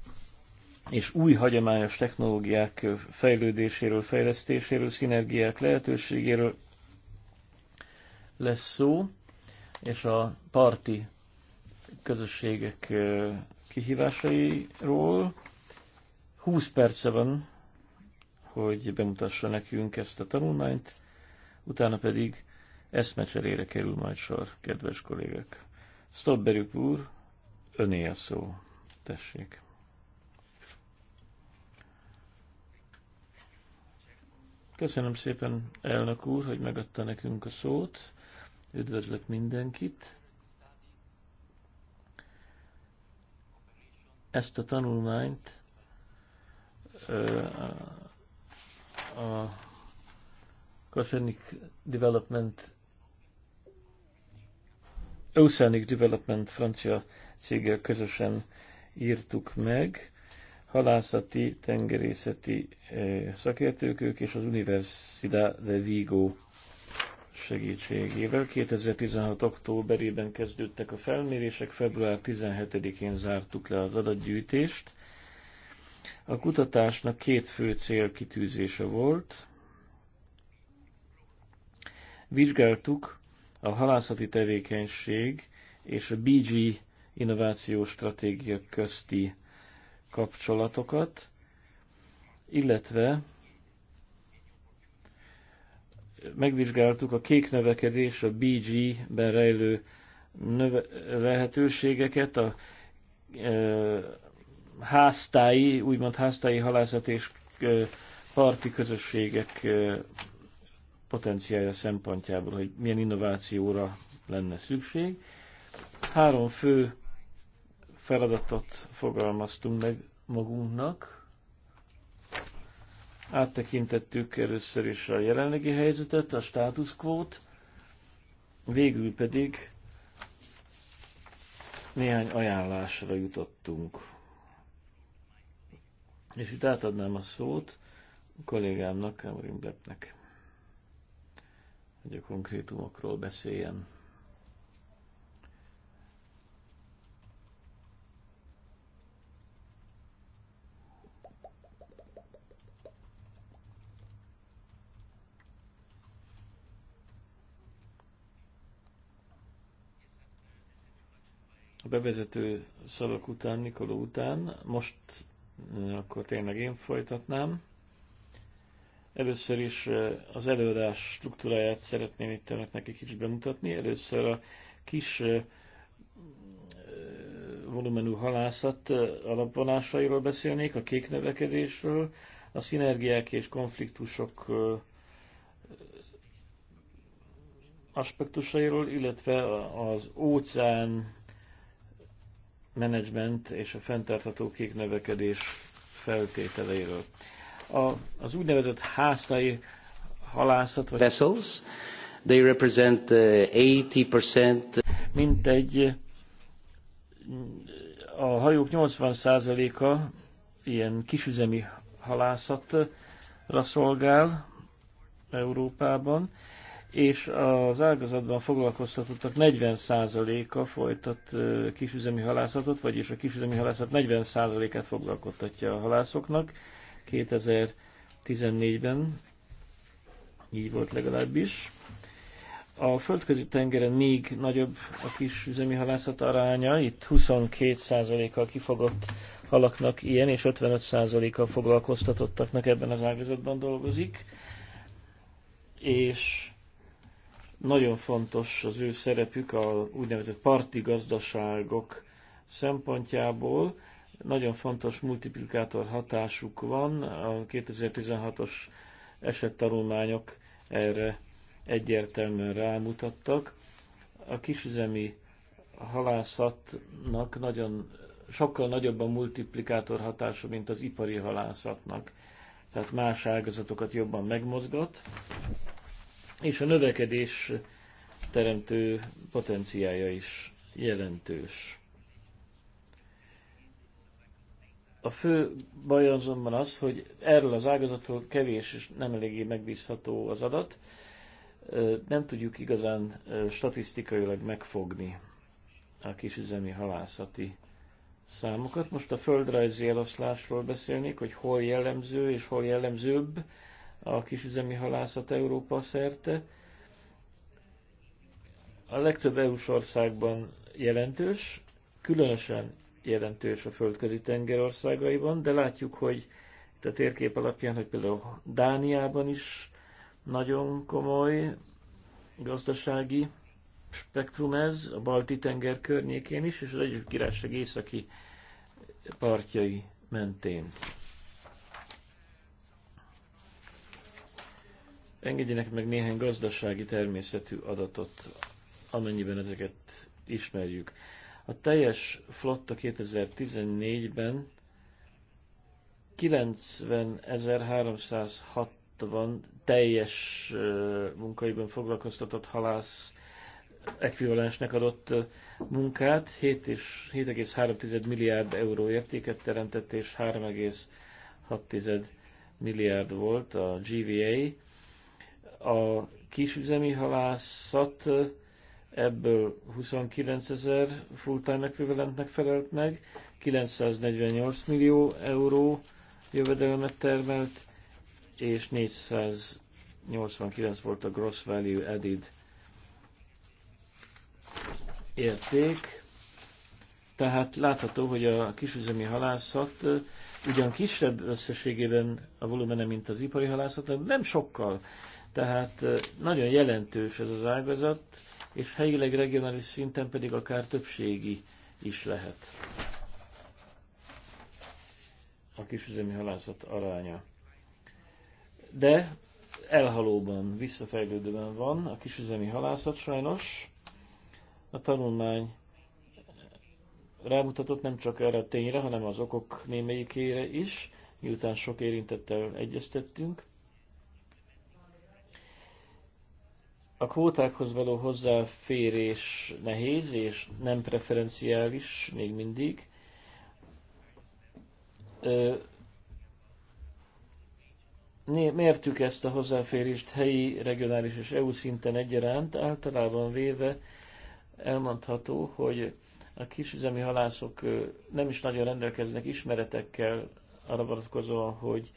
és új hagyományos technológiák fejlődéséről, fejlesztéséről, szinergiák lehetőségéről lesz szó, és a parti közösségek kihívásairól. 20 perce van, hogy bemutassa nekünk ezt a tanulmányt, utána pedig eszmecserére kerül majd sor, kedves kollégák. Stobberük úr, öné a szó. Tessék. Köszönöm szépen, elnök úr, hogy megadta nekünk a szót. Üdvözlök mindenkit. Ezt a tanulmányt a Kopernik Development Oceanic Development francia céggel közösen írtuk meg. Halászati, tengerészeti eh, szakértők ők és az Universidad de Vigo segítségével. 2016. októberében kezdődtek a felmérések, február 17-én zártuk le az adatgyűjtést. A kutatásnak két fő célkitűzése volt. Vizsgáltuk a halászati tevékenység és a BG innovációs stratégia közti kapcsolatokat, illetve megvizsgáltuk a kék növekedés, a BG-ben rejlő növe- lehetőségeket, a e, háztái, úgymond háztái halászat és e, parti közösségek e, potenciája szempontjából, hogy milyen innovációra lenne szükség. Három fő feladatot fogalmaztunk meg magunknak. Áttekintettük először is a jelenlegi helyzetet, a quo-t, végül pedig néhány ajánlásra jutottunk. És itt átadnám a szót a kollégámnak, Cameron Bleppnek hogy a konkrétumokról beszéljen. A bevezető szavak után, Nikoló után, most mm, akkor tényleg én folytatnám. Először is az előadás struktúráját szeretném itt önöknek egy kicsit bemutatni. Először a kis volumenű halászat alapvonásairól beszélnék, a kék növekedésről, a szinergiák és konfliktusok aspektusairól, illetve az óceán menedzsment és a fenntartható kék növekedés feltételeiről a, az úgynevezett háztai halászat, vagy vessels, they represent 80%, mint egy a hajók 80%-a ilyen kisüzemi halászatra szolgál Európában, és az ágazatban foglalkoztatottak 40%-a folytat uh, kisüzemi halászatot, vagyis a kisüzemi halászat 40%-át foglalkoztatja a halászoknak. 2014-ben, így volt legalábbis. A földközi tengeren még nagyobb a kis üzemi halászat aránya, itt 22%-kal kifogott halaknak ilyen, és 55%-kal foglalkoztatottaknak ebben az ágazatban dolgozik, és nagyon fontos az ő szerepük a úgynevezett parti gazdaságok szempontjából, nagyon fontos multiplikátor hatásuk van, a 2016-os esettanulmányok erre egyértelműen rámutattak. A kisüzemi halászatnak nagyon, sokkal nagyobb a multiplikátor hatása, mint az ipari halászatnak. Tehát más ágazatokat jobban megmozgat, és a növekedés teremtő potenciája is jelentős. A fő baj azonban az, hogy erről az ágazatról kevés és nem eléggé megbízható az adat, nem tudjuk igazán statisztikailag megfogni a kisüzemi halászati számokat. Most a földrajzi eloszlásról beszélnék, hogy hol jellemző és hol jellemzőbb a kisüzemi halászat Európa szerte. A legtöbb EU-s országban jelentős, különösen jelentős a földközi tenger országaiban, de látjuk, hogy itt a térkép alapján, hogy például Dániában is nagyon komoly gazdasági spektrum ez, a Balti tenger környékén is, és az Egyesült Királyság északi partjai mentén. Engedjenek meg néhány gazdasági természetű adatot, amennyiben ezeket ismerjük. A teljes flotta 2014-ben 90.360 teljes munkaiban foglalkoztatott halász ekvivalensnek adott munkát, 7,3 milliárd euró értéket teremtett, és 3,6 milliárd volt a GVA. A kisüzemi halászat ebből 29 ezer full-time ekvivalentnek felelt meg, 948 millió euró jövedelmet termelt, és 489 volt a gross value added érték. Tehát látható, hogy a kisüzemi halászat ugyan kisebb összességében a volumene, mint az ipari halászat, de nem sokkal. Tehát nagyon jelentős ez az ágazat, és helyileg, regionális szinten pedig akár többségi is lehet a kisüzemi halászat aránya. De elhalóban, visszafejlődőben van a kisüzemi halászat sajnos. A tanulmány rámutatott nem csak erre a tényre, hanem az okok némelyikére is, miután sok érintettel egyeztettünk. A kvótákhoz való hozzáférés nehéz és nem preferenciális még mindig. Mértük ezt a hozzáférést helyi, regionális és EU szinten egyaránt. Általában véve elmondható, hogy a kisüzemi halászok nem is nagyon rendelkeznek ismeretekkel arra vonatkozóan, hogy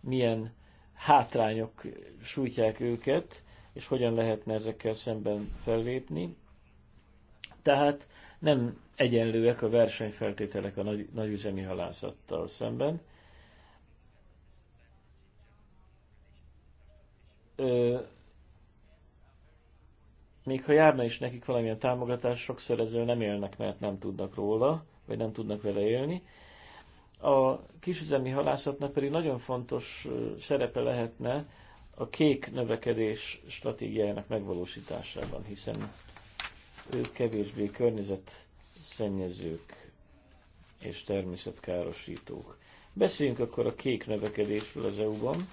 milyen hátrányok sújtják őket és hogyan lehetne ezekkel szemben fellépni. Tehát nem egyenlőek a versenyfeltételek a nagy, nagyüzemi halászattal szemben. Ö, még ha járna is nekik valamilyen támogatás, sokszor ezzel nem élnek, mert nem tudnak róla, vagy nem tudnak vele élni. A kisüzemi halászatnak pedig nagyon fontos szerepe lehetne a kék növekedés stratégiájának megvalósításában, hiszen ők kevésbé környezetszennyezők és természetkárosítók. Beszéljünk akkor a kék növekedésről az EU-ban.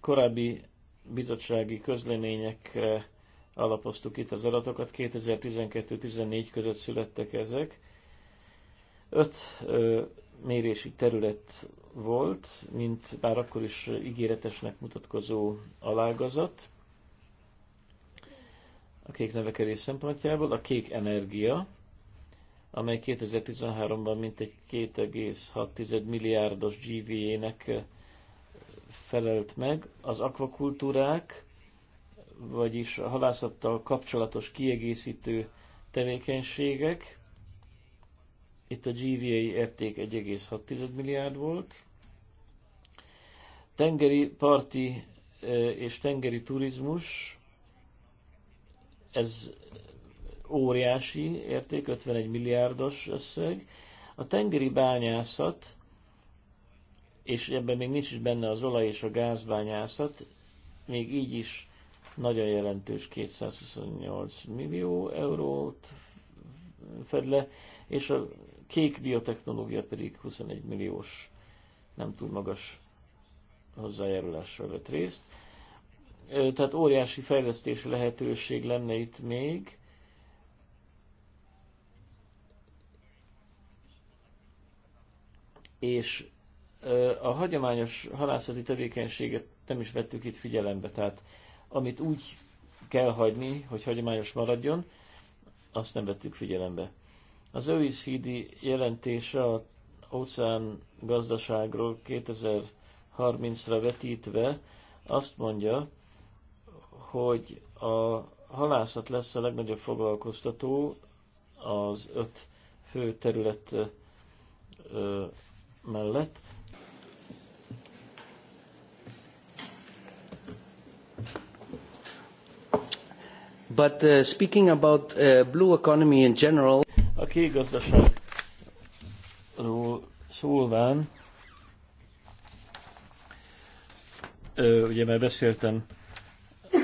Korábbi bizottsági közleményekre alapoztuk itt az adatokat, 2012-14 között születtek ezek. Öt ö, mérési terület volt, mint bár akkor is ígéretesnek mutatkozó alágazat a kék növekedés szempontjából, a kék energia, amely 2013-ban mintegy 2,6 milliárdos GVA-nek eh, felelt meg, az akvakultúrák, vagyis a halászattal kapcsolatos kiegészítő tevékenységek, itt a GVA érték 1,6 milliárd volt. Tengeri parti és tengeri turizmus, ez óriási érték, 51 milliárdos összeg. A tengeri bányászat, és ebben még nincs is benne az olaj és a gázbányászat, még így is nagyon jelentős 228 millió eurót fed le, és a kék biotechnológia pedig 21 milliós, nem túl magas hozzájárulással vett részt. Tehát óriási fejlesztési lehetőség lenne itt még. És a hagyományos halászati tevékenységet nem is vettük itt figyelembe, tehát amit úgy kell hagyni, hogy hagyományos maradjon, azt nem vettük figyelembe. Az OECD jelentése a óceán gazdaságról 2030-ra vetítve azt mondja, hogy a halászat lesz a legnagyobb foglalkoztató az öt fő terület mellett. But uh, speaking about uh, blue economy in general, a kégazdaságról szólván, ö, ugye már beszéltem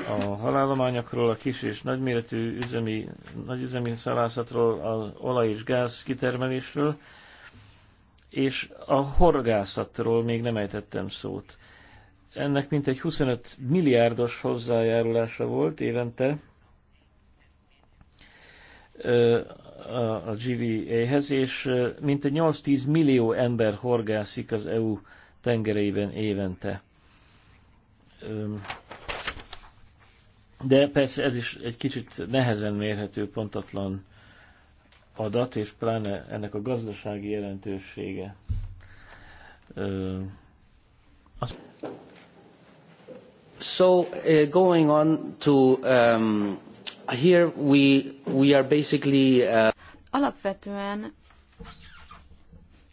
a halálományokról, a kis és nagyméretű üzemi, nagyüzemi szalászatról, az olaj és gáz kitermelésről, és a horgászatról még nem ejtettem szót. Ennek mintegy 25 milliárdos hozzájárulása volt évente a GVA-hez, és mintegy 8-10 millió ember horgászik az EU tengereiben évente. De persze ez is egy kicsit nehezen mérhető, pontatlan adat, és pláne ennek a gazdasági jelentősége. So, uh, going on to um, here we, we are basically, uh... Alapvetően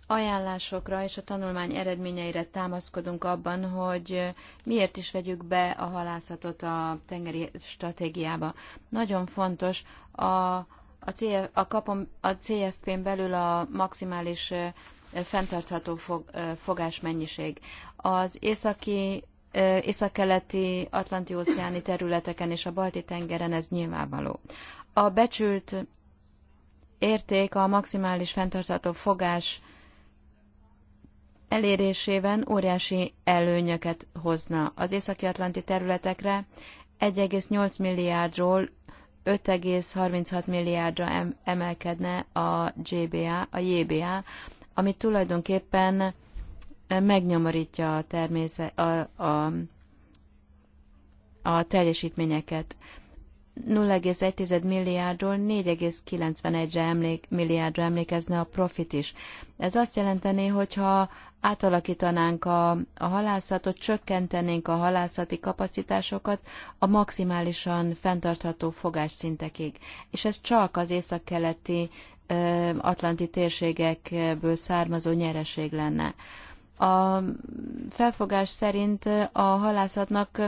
ajánlásokra és a tanulmány eredményeire támaszkodunk abban, hogy miért is vegyük be a halászatot a tengeri stratégiába. Nagyon fontos a, a, CF, a, a CFP-n belül a maximális fenntartható fog, fogásmennyiség. Az északi északkeleti atlanti óceáni területeken és a balti tengeren ez nyilvánvaló. A becsült érték a maximális fenntartható fogás elérésében óriási előnyöket hozna az északi-atlanti területekre 1,8 milliárdról 5,36 milliárdra emelkedne a GBA, a JBA, amit tulajdonképpen megnyomorítja a, természet, a, a, a teljesítményeket. 0,1 milliárdról 4,91-re emlék, milliárdra emlékezne a profit is. Ez azt jelenteni, hogyha átalakítanánk a, a halászatot, csökkentenénk a halászati kapacitásokat a maximálisan fenntartható fogásszintekig. És ez csak az északkeleti atlanti térségekből származó nyereség lenne a felfogás szerint a halászatnak,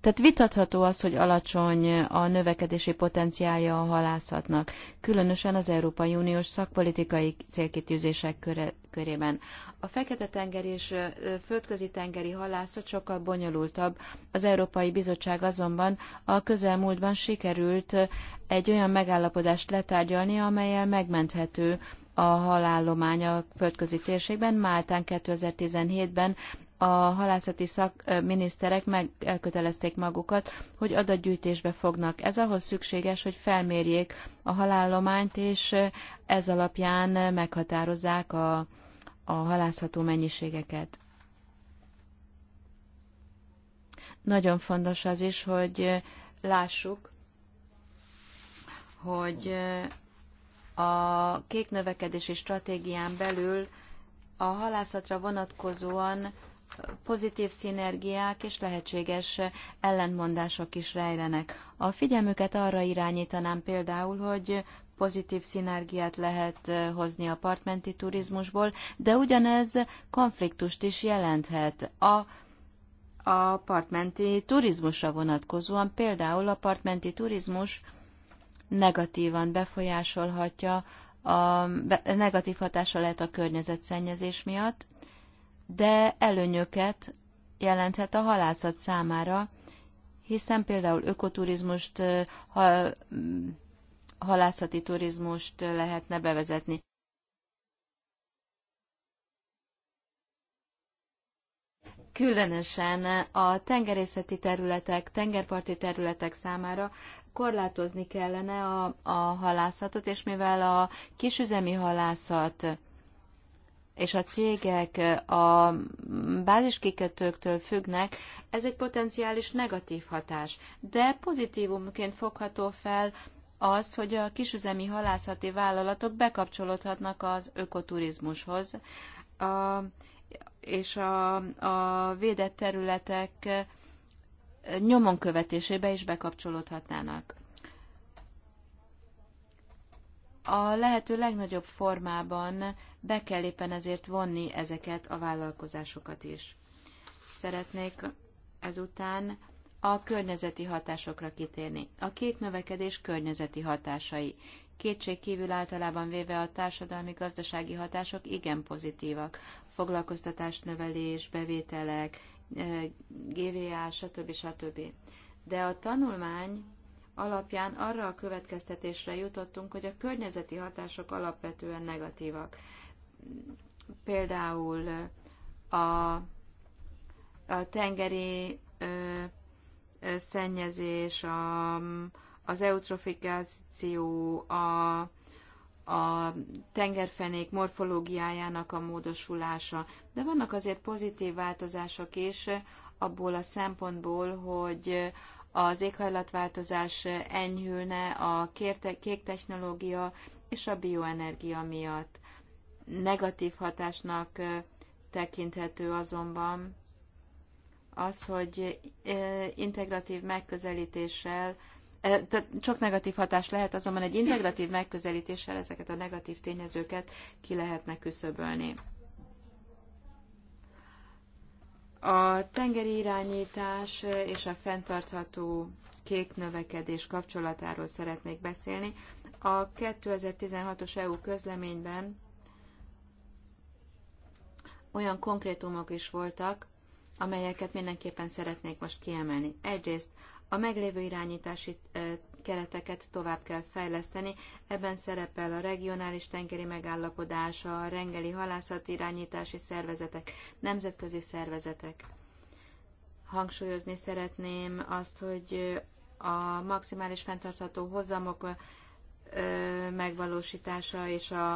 tehát vitatható az, hogy alacsony a növekedési potenciálja a halászatnak, különösen az Európai Uniós szakpolitikai célkitűzések köre, körében. A Fekete-tenger és földközi-tengeri halászat sokkal bonyolultabb. Az Európai Bizottság azonban a közelmúltban sikerült egy olyan megállapodást letárgyalni, amelyel megmenthető a halállomány a földközi térségben. Máltán 2017-ben a halászati szakminiszterek meg elkötelezték magukat, hogy adatgyűjtésbe fognak. Ez ahhoz szükséges, hogy felmérjék a halállományt, és ez alapján meghatározzák a, a halászható mennyiségeket. Nagyon fontos az is, hogy lássuk, hogy a kék növekedési stratégián belül a halászatra vonatkozóan pozitív szinergiák és lehetséges ellentmondások is rejlenek. A figyelmüket arra irányítanám például, hogy pozitív szinergiát lehet hozni a partmenti turizmusból, de ugyanez konfliktust is jelenthet. A a partmenti turizmusra vonatkozóan például a partmenti turizmus negatívan befolyásolhatja, a, negatív hatása lehet a környezetszennyezés miatt, de előnyöket jelenthet a halászat számára, hiszen például ökoturizmust, ha, halászati turizmust lehetne bevezetni. Különösen a tengerészeti területek, tengerparti területek számára korlátozni kellene a, a halászatot, és mivel a kisüzemi halászat és a cégek a báziskikötőktől függnek, ez egy potenciális negatív hatás. De pozitívumként fogható fel az, hogy a kisüzemi halászati vállalatok bekapcsolódhatnak az ökoturizmushoz, a, és a, a védett területek nyomon követésébe is bekapcsolódhatnának. A lehető legnagyobb formában be kell éppen ezért vonni ezeket a vállalkozásokat is. Szeretnék ezután a környezeti hatásokra kitérni. A kék növekedés környezeti hatásai. Kétség kívül általában véve a társadalmi-gazdasági hatások igen pozitívak. Foglalkoztatás növelés, bevételek, E, GVA, stb. stb. De a tanulmány alapján arra a következtetésre jutottunk, hogy a környezeti hatások alapvetően negatívak. Például a, a tengeri ö, e, ö, e, szennyezés, a, az eutrofikáció, a a tengerfenék morfológiájának a módosulása, de vannak azért pozitív változások is abból a szempontból, hogy az éghajlatváltozás enyhülne a kék technológia és a bioenergia miatt. Negatív hatásnak tekinthető azonban az, hogy integratív megközelítéssel E, tehát csak negatív hatás lehet, azonban egy integratív megközelítéssel ezeket a negatív tényezőket ki lehetne küszöbölni. A tengeri irányítás és a fenntartható kék növekedés kapcsolatáról szeretnék beszélni. A 2016-os EU közleményben olyan konkrétumok is voltak, amelyeket mindenképpen szeretnék most kiemelni. Egyrészt a meglévő irányítási kereteket tovább kell fejleszteni. Ebben szerepel a regionális tengeri megállapodása, a rengeli halászati irányítási szervezetek, nemzetközi szervezetek. Hangsúlyozni szeretném azt, hogy a maximális fenntartható hozamok megvalósítása és a,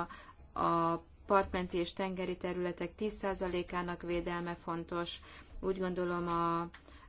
a partmenti és tengeri területek 10%-ának védelme fontos. Úgy gondolom a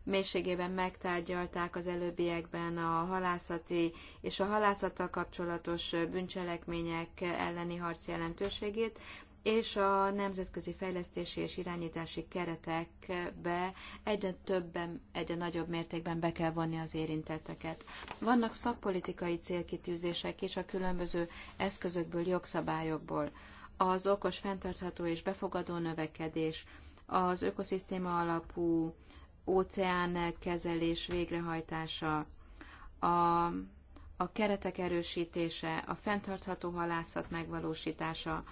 mélységében megtárgyalták az előbbiekben a halászati és a halászattal kapcsolatos bűncselekmények elleni harc jelentőségét, és a nemzetközi fejlesztési és irányítási keretekbe egyre többen, egyre nagyobb mértékben be kell vonni az érintetteket. Vannak szakpolitikai célkitűzések is a különböző eszközökből, jogszabályokból. Az okos, fenntartható és befogadó növekedés, az ökoszisztéma alapú óceán kezelés végrehajtása, a, a keretek erősítése, a fenntartható halászat megvalósítása,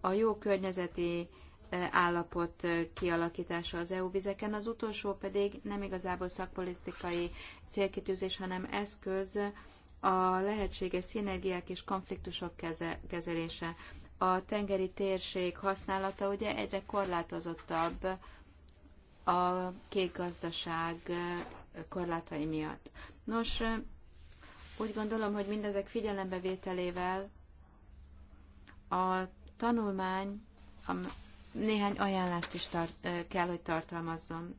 a jó környezeti e, állapot e, kialakítása az EU vizeken, az utolsó pedig nem igazából szakpolitikai célkitűzés, hanem eszköz a lehetséges szinergiák és konfliktusok keze, kezelése. A tengeri térség használata ugye egyre korlátozottabb, a kék gazdaság korlátai miatt. Nos, úgy gondolom, hogy mindezek figyelembevételével a tanulmány a néhány ajánlást is tar- kell, hogy tartalmazzon.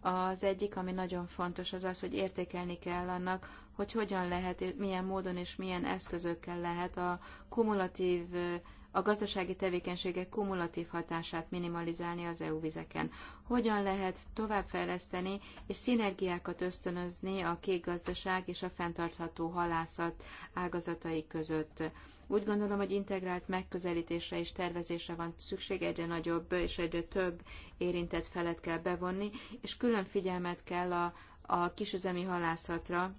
Az egyik, ami nagyon fontos, az az, hogy értékelni kell annak, hogy hogyan lehet, milyen módon és milyen eszközökkel lehet a kumulatív a gazdasági tevékenységek kumulatív hatását minimalizálni az EU vizeken. Hogyan lehet továbbfejleszteni és szinergiákat ösztönözni a kék gazdaság és a fenntartható halászat ágazatai között. Úgy gondolom, hogy integrált megközelítésre és tervezésre van szükség, egyre nagyobb és egyre több érintett felet kell bevonni, és külön figyelmet kell a, a kisüzemi halászatra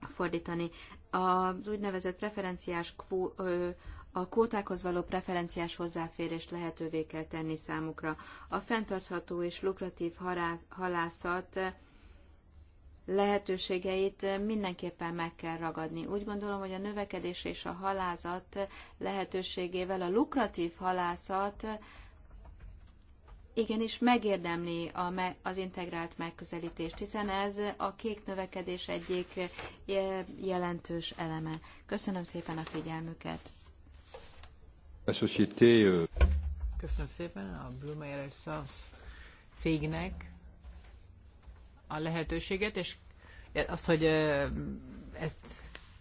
fordítani. Az úgynevezett preferenciás kvó, ö, a kvótákhoz való preferenciás hozzáférést lehetővé kell tenni számukra. A fenntartható és lukratív halászat lehetőségeit mindenképpen meg kell ragadni. Úgy gondolom, hogy a növekedés és a halászat lehetőségével a lukratív halászat igenis megérdemli a me- az integrált megközelítést, hiszen ez a kék növekedés egyik jelentős eleme. Köszönöm szépen a figyelmüket! A société... Euh, köszönöm szépen a Blumeyer Sons cégnek a lehetőséget, és azt, hogy ezt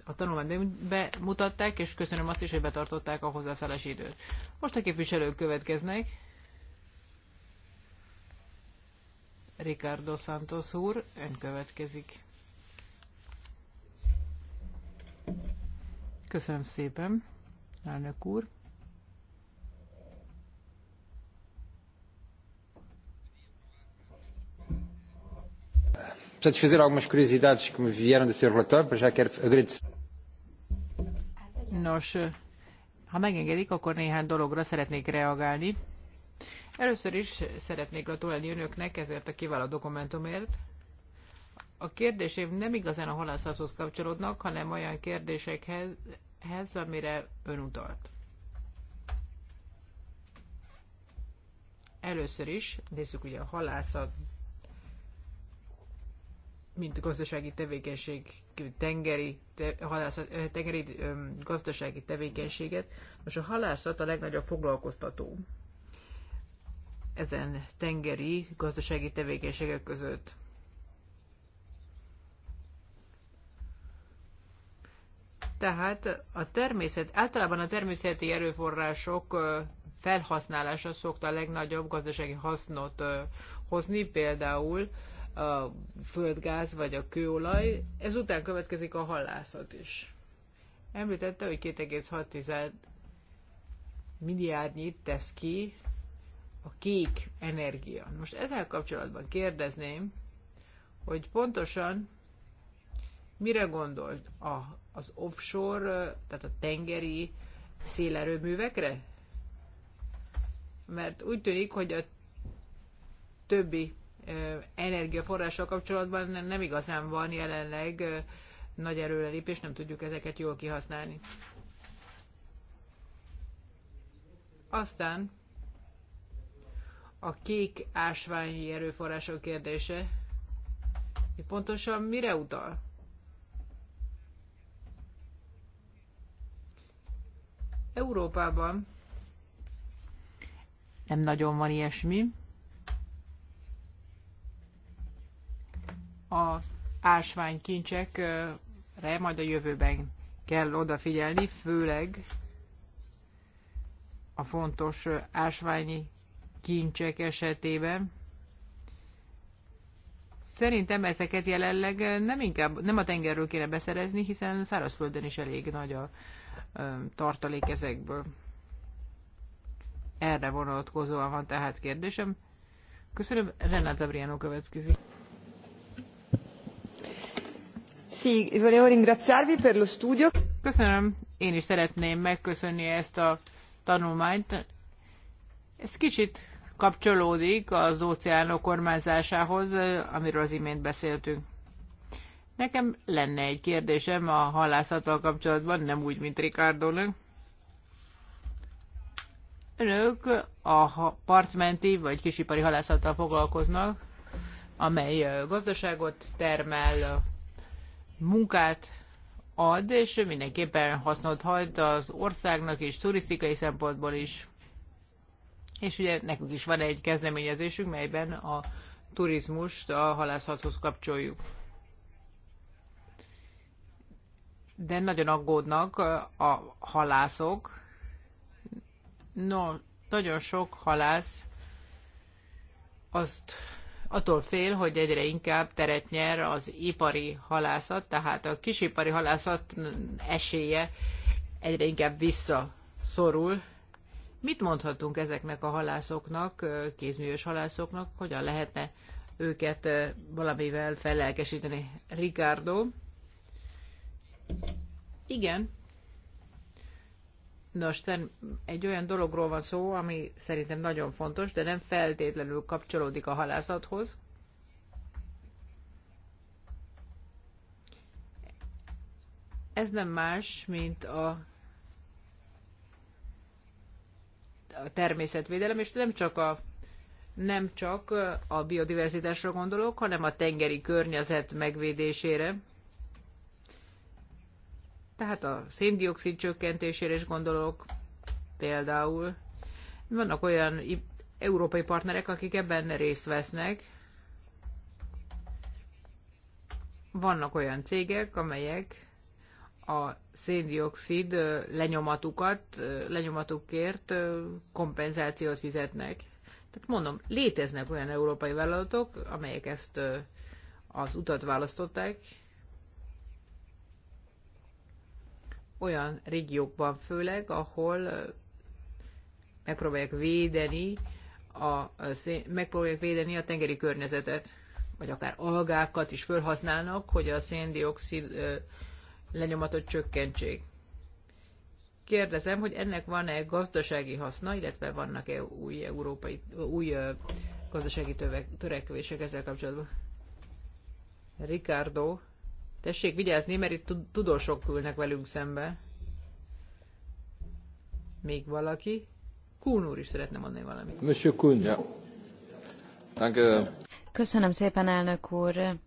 a tanulmányt bemutatták, és köszönöm azt is, hogy betartották a hozzászállás időt. Most a képviselők következnek. Ricardo Santos úr, ön következik. Köszönöm szépen, elnök úr. satisfazer algumas curiosidades que me vieram do Sr. para já quero agradecer. Nos, ha megengedik, akkor néhány dologra szeretnék reagálni. Először is szeretnék gratulálni önöknek ezért a kiváló dokumentumért. A kérdéseim nem igazán a halászathoz kapcsolódnak, hanem olyan kérdésekhez, amire ön utalt. Először is nézzük ugye a halászat mint a gazdasági tevékenység, tengeri, te, halászat, tengeri öm, gazdasági tevékenységet. Most a halászat a legnagyobb foglalkoztató ezen tengeri gazdasági tevékenységek között. Tehát a természet, általában a természeti erőforrások felhasználása szokta a legnagyobb gazdasági hasznot hozni, például a földgáz vagy a kőolaj, ezután következik a halászat is. Említette, hogy 2,6 milliárdnyit tesz ki a kék energia. Most ezzel kapcsolatban kérdezném, hogy pontosan mire gondolt a, az offshore, tehát a tengeri szélerőművekre? Mert úgy tűnik, hogy a többi energiaforrással kapcsolatban nem igazán van jelenleg nagy erőrelépés, nem tudjuk ezeket jól kihasználni. Aztán a kék ásványi erőforrások kérdése. Itt pontosan mire utal? Európában nem nagyon van ilyesmi. az ásványkincsekre majd a jövőben kell odafigyelni, főleg a fontos ásványi kincsek esetében. Szerintem ezeket jelenleg nem, inkább, nem a tengerről kéne beszerezni, hiszen szárazföldön is elég nagy a tartalék ezekből. Erre vonatkozóan van tehát kérdésem. Köszönöm, Renata Briano következik. Sì, volevo ringraziarvi per lo studio. Köszönöm, én is szeretném megköszönni ezt a tanulmányt. Ez kicsit kapcsolódik az óceánok kormányzásához, amiről az imént beszéltünk. Nekem lenne egy kérdésem a halászattal kapcsolatban, nem úgy, mint Ricardo-nak. Önök a partmenti vagy kisipari halászattal foglalkoznak, amely gazdaságot termel, munkát ad, és mindenképpen hasznot hajt az országnak és turisztikai szempontból is. És ugye nekünk is van egy kezdeményezésünk, melyben a turizmust a halászathoz kapcsoljuk. De nagyon aggódnak a halászok. No, nagyon sok halász azt attól fél, hogy egyre inkább teret nyer az ipari halászat, tehát a kisipari halászat esélye egyre inkább visszaszorul. Mit mondhatunk ezeknek a halászoknak, kézműves halászoknak, hogyan lehetne őket valamivel felelkesíteni? Ricardo? Igen, Nos, egy olyan dologról van szó, ami szerintem nagyon fontos, de nem feltétlenül kapcsolódik a halászathoz. Ez nem más, mint a a természetvédelem, és nem csak a nem csak a biodiverzitásra gondolok, hanem a tengeri környezet megvédésére. Tehát a széndiokszid csökkentésére is gondolok például. Vannak olyan európai partnerek, akik ebben részt vesznek. Vannak olyan cégek, amelyek a széndiokszid lenyomatukat, lenyomatukért kompenzációt fizetnek. Tehát mondom, léteznek olyan európai vállalatok, amelyek ezt az utat választották, olyan régiókban főleg, ahol megpróbálják védeni a, megpróbálják védeni a tengeri környezetet, vagy akár algákat is felhasználnak, hogy a széndiokszid lenyomatot csökkentsék. Kérdezem, hogy ennek van-e gazdasági haszna, illetve vannak-e új európai, új gazdasági törekvések ezzel kapcsolatban? Ricardo Tessék vigyázni, mert itt tudósok ülnek velünk szembe. Még valaki? Kuhn úr is szeretne mondani valamit. Monsieur Kuhn, ja. Köszönöm szépen, elnök úr.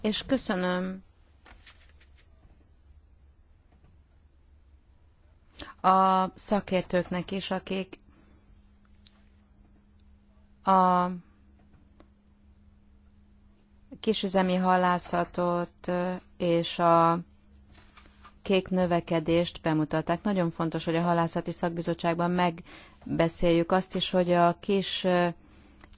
És köszönöm a szakértőknek is, akik a kisüzemi halászatot és a kék növekedést bemutatták. Nagyon fontos, hogy a halászati szakbizottságban megbeszéljük azt is, hogy a kis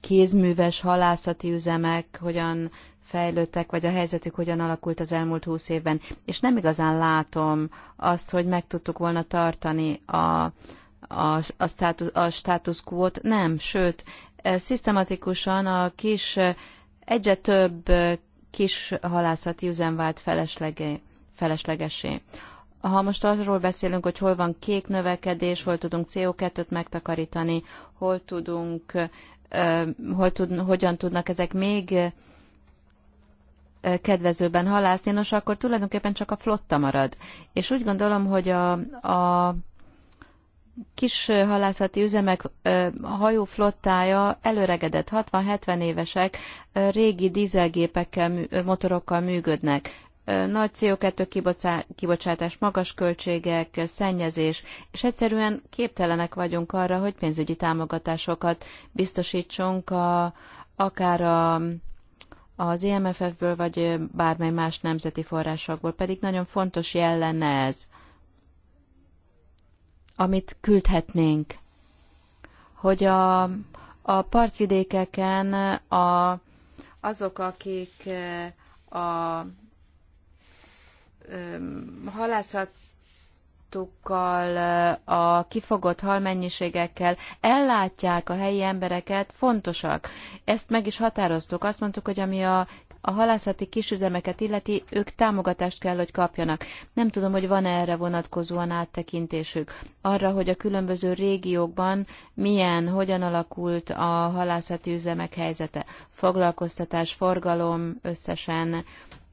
kézműves halászati üzemek hogyan fejlődtek, vagy a helyzetük hogyan alakult az elmúlt húsz évben. És nem igazán látom azt, hogy meg tudtuk volna tartani a, a, a, státusz, a státuszkvót. Nem, sőt, szisztematikusan a kis egyre több kis halászati üzem vált feleslegesé. Ha most arról beszélünk, hogy hol van kék növekedés, hol tudunk CO2-t megtakarítani, hol tudunk, hol tud, hogyan tudnak ezek még kedvezőben halászni, nos, akkor tulajdonképpen csak a flotta marad. És úgy gondolom, hogy a, a kis halászati üzemek hajóflottája előregedett, 60-70 évesek, régi dízelgépekkel, motorokkal működnek. Nagy CO2 kibocsátás, magas költségek, szennyezés, és egyszerűen képtelenek vagyunk arra, hogy pénzügyi támogatásokat biztosítsunk a, akár a, az IMFF-ből, e vagy bármely más nemzeti forrásokból, pedig nagyon fontos jel lenne ez amit küldhetnénk, hogy a, a partvidékeken a, azok, akik eh, a halászat eh, a kifogott halmennyiségekkel ellátják a helyi embereket, fontosak. Ezt meg is határoztuk. Azt mondtuk, hogy ami a a halászati kisüzemeket illeti, ők támogatást kell, hogy kapjanak. Nem tudom, hogy van -e erre vonatkozóan áttekintésük. Arra, hogy a különböző régiókban milyen, hogyan alakult a halászati üzemek helyzete. Foglalkoztatás, forgalom összesen,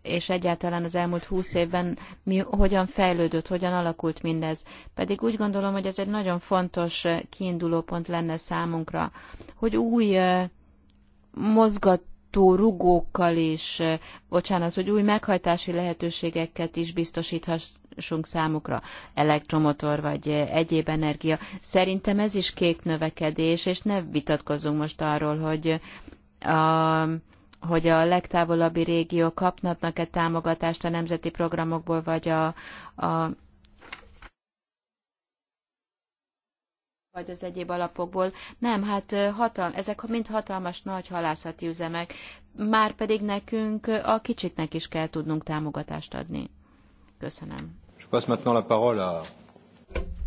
és egyáltalán az elmúlt húsz évben mi, hogyan fejlődött, hogyan alakult mindez. Pedig úgy gondolom, hogy ez egy nagyon fontos kiindulópont lenne számunkra, hogy új eh, mozgat tartó rugókkal is, eh, bocsánat, hogy új meghajtási lehetőségeket is biztosíthassunk számukra, elektromotor vagy eh, egyéb energia. Szerintem ez is kék növekedés, és ne vitatkozunk most arról, hogy eh, a, hogy a legtávolabbi régiók kapnak-e támogatást a nemzeti programokból, vagy a, a vagy az egyéb alapokból. Nem, hát hatal, ezek mind hatalmas nagy halászati üzemek, már pedig nekünk a kicsiknek is kell tudnunk támogatást adni. Köszönöm.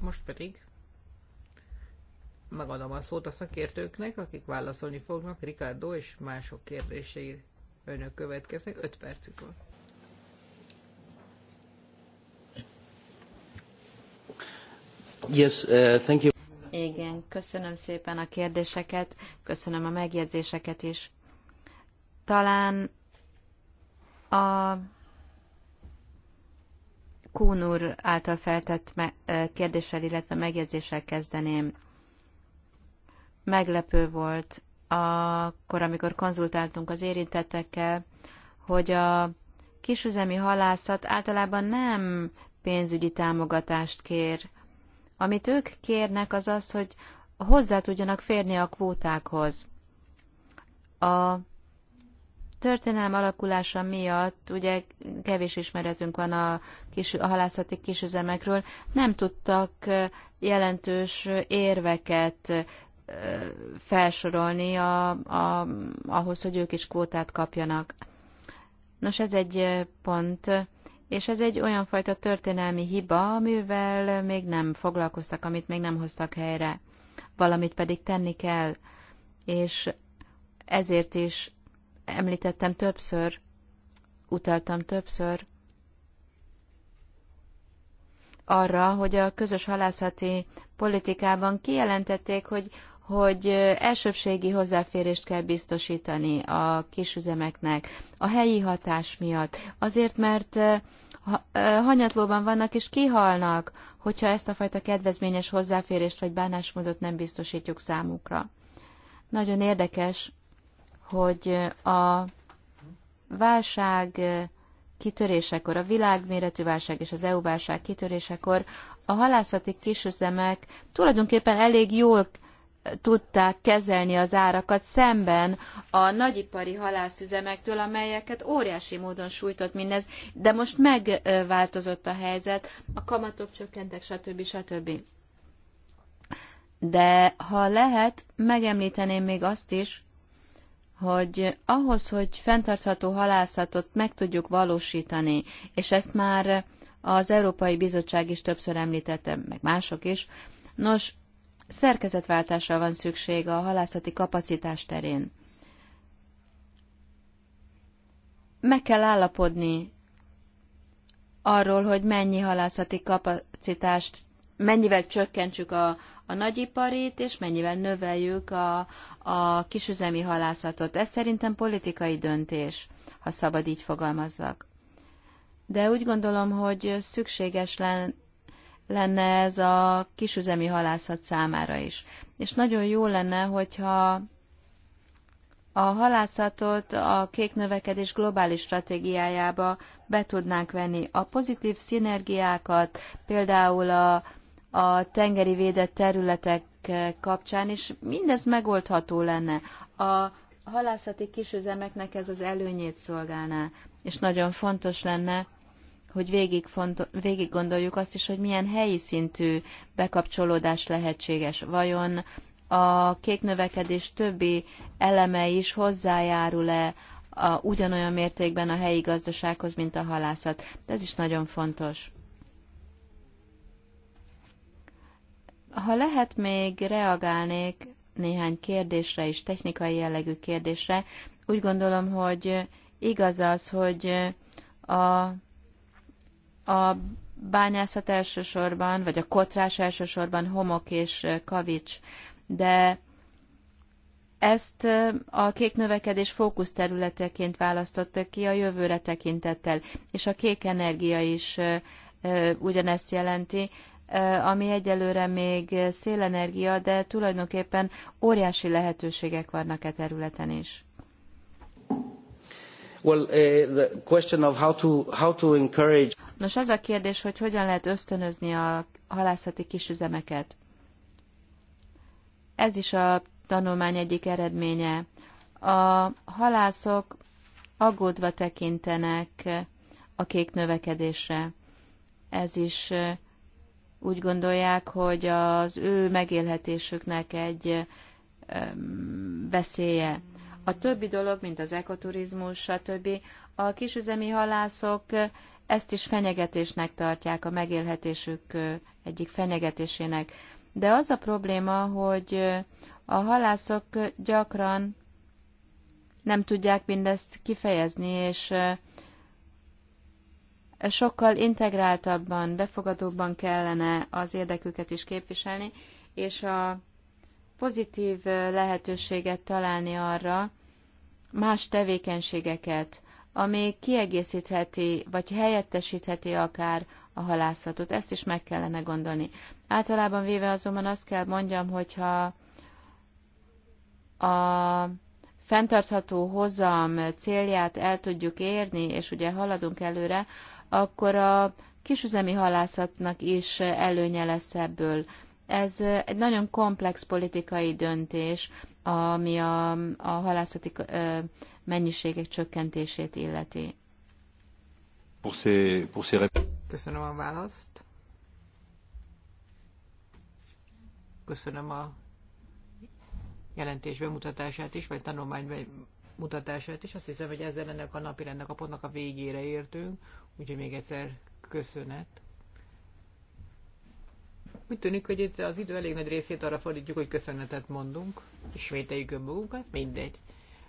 Most pedig megadom a szót a szakértőknek, akik válaszolni fognak Ricardo és mások kérdései Önök következnek, 5 percük van. Yes, uh, thank you. Igen, köszönöm szépen a kérdéseket, köszönöm a megjegyzéseket is. Talán a Kún úr által feltett kérdéssel, illetve megjegyzéssel kezdeném. Meglepő volt akkor, amikor konzultáltunk az érintettekkel, hogy a kisüzemi halászat általában nem pénzügyi támogatást kér, amit ők kérnek, az az, hogy hozzá tudjanak férni a kvótákhoz. A történelem alakulása miatt, ugye kevés ismeretünk van a, kis, a halászati kisüzemekről, nem tudtak jelentős érveket felsorolni a, a, ahhoz, hogy ők is kvótát kapjanak. Nos, ez egy pont, és ez egy olyan fajta történelmi hiba, amivel még nem foglalkoztak, amit még nem hoztak helyre. Valamit pedig tenni kell, és ezért is említettem többször, utaltam többször arra, hogy a közös halászati politikában kijelentették, hogy hogy elsőbségi hozzáférést kell biztosítani a kisüzemeknek a helyi hatás miatt. Azért, mert hanyatlóban vannak és kihalnak, hogyha ezt a fajta kedvezményes hozzáférést vagy bánásmódot nem biztosítjuk számukra. Nagyon érdekes, hogy a válság kitörésekor, a világméretű válság és az EU válság kitörésekor a halászati kisüzemek tulajdonképpen elég jól tudták kezelni az árakat szemben a nagyipari halászüzemektől, amelyeket óriási módon sújtott mindez, de most megváltozott a helyzet, a kamatok csökkentek, stb. stb. De ha lehet, megemlíteném még azt is, hogy ahhoz, hogy fenntartható halászatot meg tudjuk valósítani, és ezt már az Európai Bizottság is többször említette, meg mások is, nos, szerkezetváltásra van szükség a halászati kapacitás terén. Meg kell állapodni arról, hogy mennyi halászati kapacitást, mennyivel csökkentsük a, a nagyiparit, és mennyivel növeljük a, a kisüzemi halászatot. Ez szerintem politikai döntés, ha szabad így fogalmazzak. De úgy gondolom, hogy szükséges lenne, lenne ez a kisüzemi halászat számára is. És nagyon jó lenne, hogyha a halászatot a kék növekedés globális stratégiájába be tudnánk venni. A pozitív szinergiákat például a, a tengeri védett területek kapcsán is mindez megoldható lenne. A halászati kisüzemeknek ez az előnyét szolgálná, és nagyon fontos lenne, hogy végig, fonto- végig gondoljuk azt is, hogy milyen helyi szintű bekapcsolódás lehetséges. Vajon a kék növekedés többi eleme is hozzájárul-e a, ugyanolyan mértékben a helyi gazdasághoz, mint a halászat. De ez is nagyon fontos. Ha lehet, még reagálnék néhány kérdésre is, technikai jellegű kérdésre. Úgy gondolom, hogy igaz az, hogy a a bányászat elsősorban, vagy a kotrás elsősorban homok és kavics, de ezt a kék növekedés fókusz területeként választotta ki a jövőre tekintettel, és a kék energia is ugyanezt jelenti, ami egyelőre még szélenergia, de tulajdonképpen óriási lehetőségek vannak e területen is. Well, uh, the question of how to, how to encourage... Nos, az a kérdés, hogy hogyan lehet ösztönözni a halászati kisüzemeket. Ez is a tanulmány egyik eredménye. A halászok aggódva tekintenek a kék növekedésre. Ez is úgy gondolják, hogy az ő megélhetésüknek egy veszélye. A többi dolog, mint az ekoturizmus, stb. A kisüzemi halászok ezt is fenyegetésnek tartják, a megélhetésük egyik fenyegetésének. De az a probléma, hogy a halászok gyakran nem tudják mindezt kifejezni, és sokkal integráltabban, befogadóbban kellene az érdeküket is képviselni, és a pozitív lehetőséget találni arra, más tevékenységeket, ami kiegészítheti, vagy helyettesítheti akár a halászatot. Ezt is meg kellene gondolni. Általában véve azonban azt kell mondjam, hogyha a fenntartható hozam célját el tudjuk érni, és ugye haladunk előre, akkor a kisüzemi halászatnak is előnye lesz ebből. Ez egy nagyon komplex politikai döntés, ami a, a halászati mennyiségek csökkentését illeti. Köszönöm a választ. Köszönöm a jelentés bemutatását is, vagy tanulmány mutatását is. Azt hiszem, hogy ezzel ennek a napi ennek a pontnak a végére értünk, úgyhogy még egyszer köszönet. Úgy tűnik, hogy itt az idő elég nagy részét arra fordítjuk, hogy köszönetet mondunk, vételjük önmagunkat, mindegy.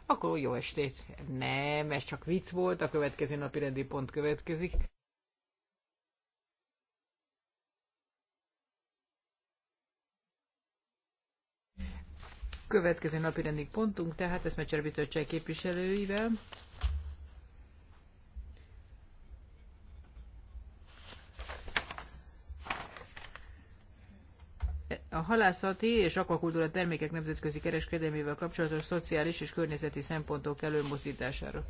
Akkor jó estét. Nem, ez csak vicc volt, a következő napi rendi pont következik. Következő napi rendi pontunk, tehát ezt megcserbítő a képviselőivel. a halászati és akvakultúra termékek nemzetközi kereskedelmével kapcsolatos szociális és környezeti szempontok előmozdítására.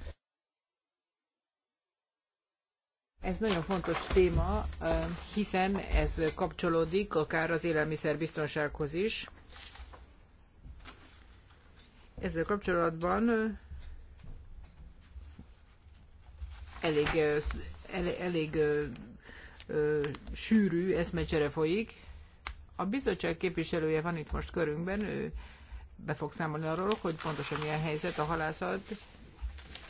Ez nagyon fontos téma, hiszen ez kapcsolódik akár az élelmiszerbiztonsághoz is. Ezzel kapcsolatban elég, elég, elég sűrű eszmecsere folyik, a bizottság képviselője van itt most körünkben, ő be fog számolni arról, hogy pontosan milyen helyzet a halászat,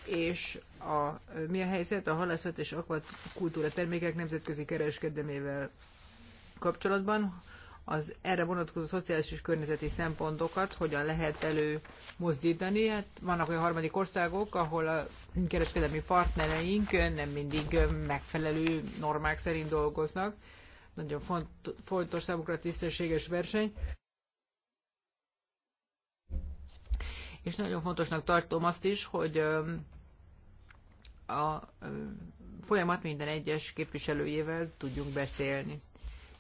és a, milyen helyzet a halászat és akvakultúra termékek nemzetközi kereskedemével kapcsolatban, az erre vonatkozó szociális és környezeti szempontokat hogyan lehet elő mozdítani. Hát vannak olyan harmadik országok, ahol a kereskedelmi partnereink nem mindig megfelelő normák szerint dolgoznak nagyon font, fontos számukra tisztességes verseny. És nagyon fontosnak tartom azt is, hogy a folyamat minden egyes képviselőjével tudjunk beszélni.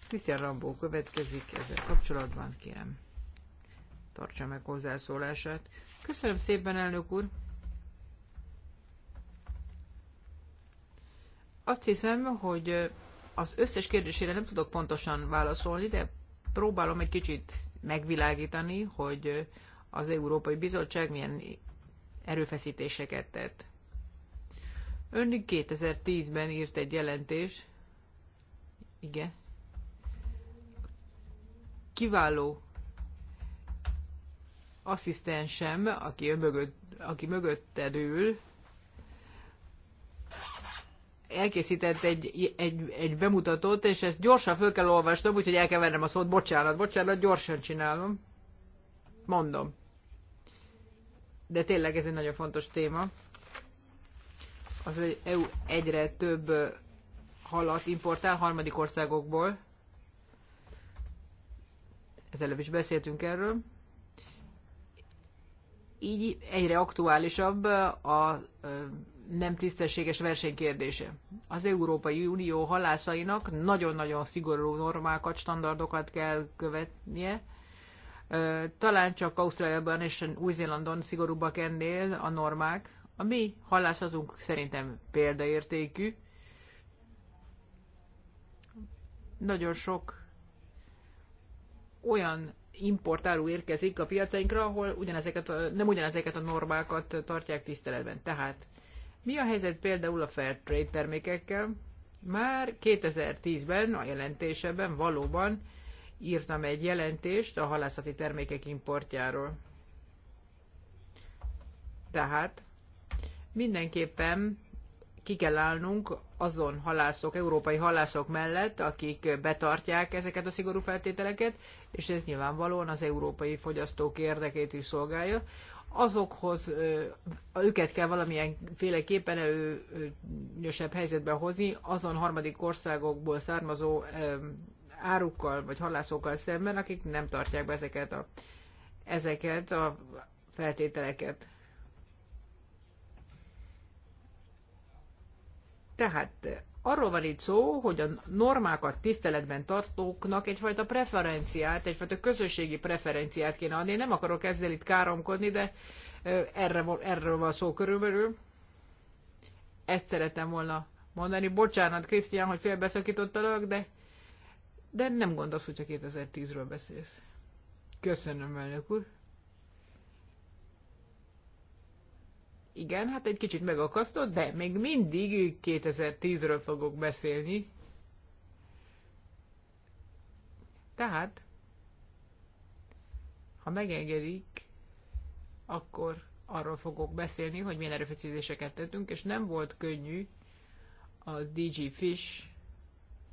Krisztián Rambó következik ezzel kapcsolatban, kérem. Tartsa meg hozzászólását. Köszönöm szépen, elnök úr! Azt hiszem, hogy az összes kérdésére nem tudok pontosan válaszolni, de próbálom egy kicsit megvilágítani, hogy az Európai Bizottság milyen erőfeszítéseket tett. Ön 2010-ben írt egy jelentés, igen, kiváló asszisztensem, aki, mögött, aki mögötted ül, elkészített egy, egy, egy bemutatót, és ezt gyorsan föl kell olvasnom, úgyhogy elkevernem a szót. Bocsánat, bocsánat, gyorsan csinálom. Mondom. De tényleg ez egy nagyon fontos téma. Az, hogy EU egyre több halat importál harmadik országokból. Ez előbb is beszéltünk erről. Így egyre aktuálisabb a nem tisztességes versenykérdése. Az Európai Unió halászainak nagyon-nagyon szigorú normákat, standardokat kell követnie. Talán csak Ausztráliában és Új-Zélandon szigorúbbak ennél a normák. A mi halászatunk szerintem példaértékű. Nagyon sok olyan importáló érkezik a piacainkra, ahol ugyanezeket, nem ugyanezeket a normákat tartják tiszteletben. Tehát mi a helyzet például a fair trade termékekkel? Már 2010-ben a jelentéseben valóban írtam egy jelentést a halászati termékek importjáról. Tehát mindenképpen ki kell állnunk azon halászok, európai halászok mellett, akik betartják ezeket a szigorú feltételeket, és ez nyilvánvalóan az európai fogyasztók érdekét is szolgálja azokhoz őket kell valamilyen féleképpen előnyösebb helyzetbe hozni azon harmadik országokból származó árukkal vagy halászokkal szemben, akik nem tartják be ezeket a, ezeket a feltételeket. Tehát arról van itt szó, hogy a normákat tiszteletben tartóknak egyfajta preferenciát, egyfajta közösségi preferenciát kéne adni. Én nem akarok ezzel itt káromkodni, de erre, erről van szó körülbelül. Ezt szeretem volna mondani. Bocsánat, Krisztián, hogy félbeszakítottalak, de, de nem gondolsz, hogyha 2010-ről beszélsz. Köszönöm, elnök úr. Igen, hát egy kicsit megakasztott, de még mindig 2010-ről fogok beszélni. Tehát, ha megengedik, akkor arról fogok beszélni, hogy milyen erőfeszítéseket tettünk, és nem volt könnyű a DG Fish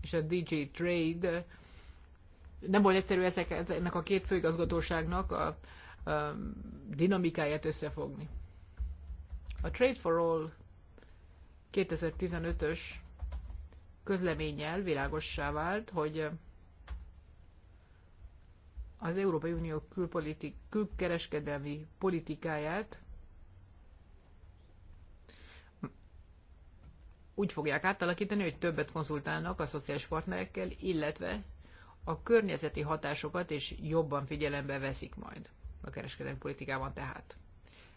és a DG Trade. Nem volt egyszerű ezek, ennek a két főigazgatóságnak a, a dinamikáját összefogni. A Trade for All 2015-ös közleménnyel világossá vált, hogy az Európai Unió külpolitik, külkereskedelmi politikáját úgy fogják átalakítani, hogy többet konzultálnak a szociális partnerekkel, illetve a környezeti hatásokat is jobban figyelembe veszik majd a kereskedelmi politikában tehát.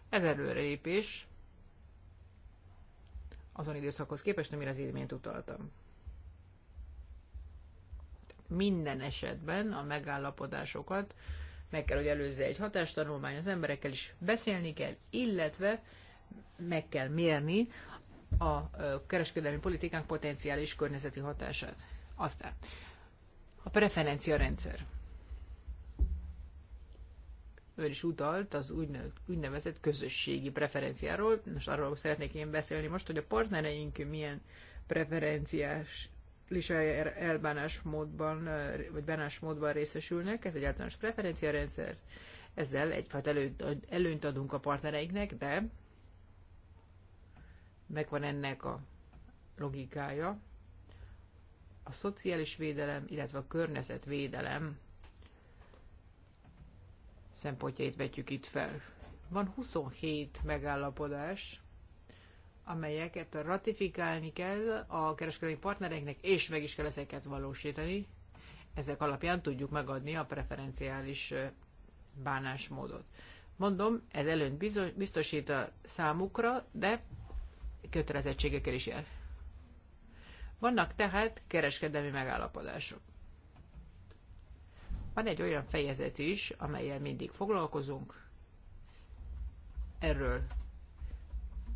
Ez előrelépés, azon időszakhoz képest, amire az imént utaltam. Minden esetben a megállapodásokat meg kell, hogy előzze egy hatástanulmány, az emberekkel is beszélni kell, illetve meg kell mérni a kereskedelmi politikánk potenciális környezeti hatását. Aztán a preferencia rendszer ön is utalt az úgynevezett közösségi preferenciáról. Most arról szeretnék én beszélni most, hogy a partnereink milyen preferenciás lisa módban, vagy módban részesülnek. Ez egy általános preferenciarendszer. Ezzel egyfajta előnyt adunk a partnereinknek, de megvan ennek a logikája. A szociális védelem, illetve a környezetvédelem szempontjait vetjük itt fel. Van 27 megállapodás, amelyeket ratifikálni kell a kereskedelmi partnereknek és meg is kell ezeket valósítani. Ezek alapján tudjuk megadni a preferenciális bánásmódot. Mondom, ez előnyt biztosít a számukra, de kötelezettségekkel is jár. Vannak tehát kereskedelmi megállapodások. Van egy olyan fejezet is, amelyel mindig foglalkozunk, erről,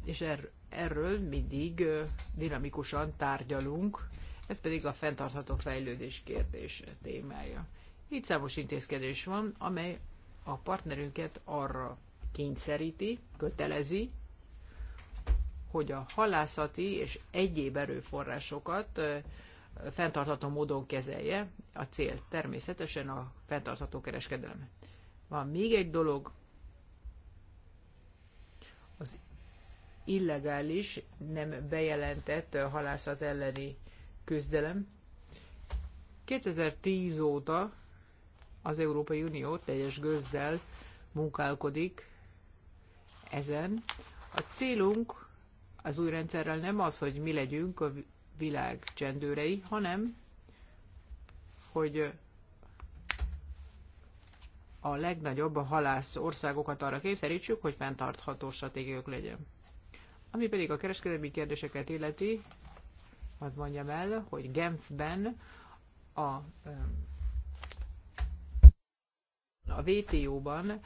és er, erről mindig dinamikusan tárgyalunk, ez pedig a fenntartható fejlődés kérdés témája. Itt számos intézkedés van, amely a partnerünket arra kényszeríti, kötelezi, hogy a halászati és egyéb erőforrásokat fenntartható módon kezelje. A cél természetesen a fenntartható kereskedelem. Van még egy dolog, az illegális, nem bejelentett halászat elleni küzdelem. 2010 óta az Európai Unió teljes gőzzel munkálkodik ezen. A célunk az új rendszerrel nem az, hogy mi legyünk a világ csendőrei, hanem hogy a legnagyobb a halász országokat arra kényszerítsük, hogy fenntartható stratégiák legyen. Ami pedig a kereskedelmi kérdéseket illeti, hadd mondjam el, hogy Genfben a, a WTO-ban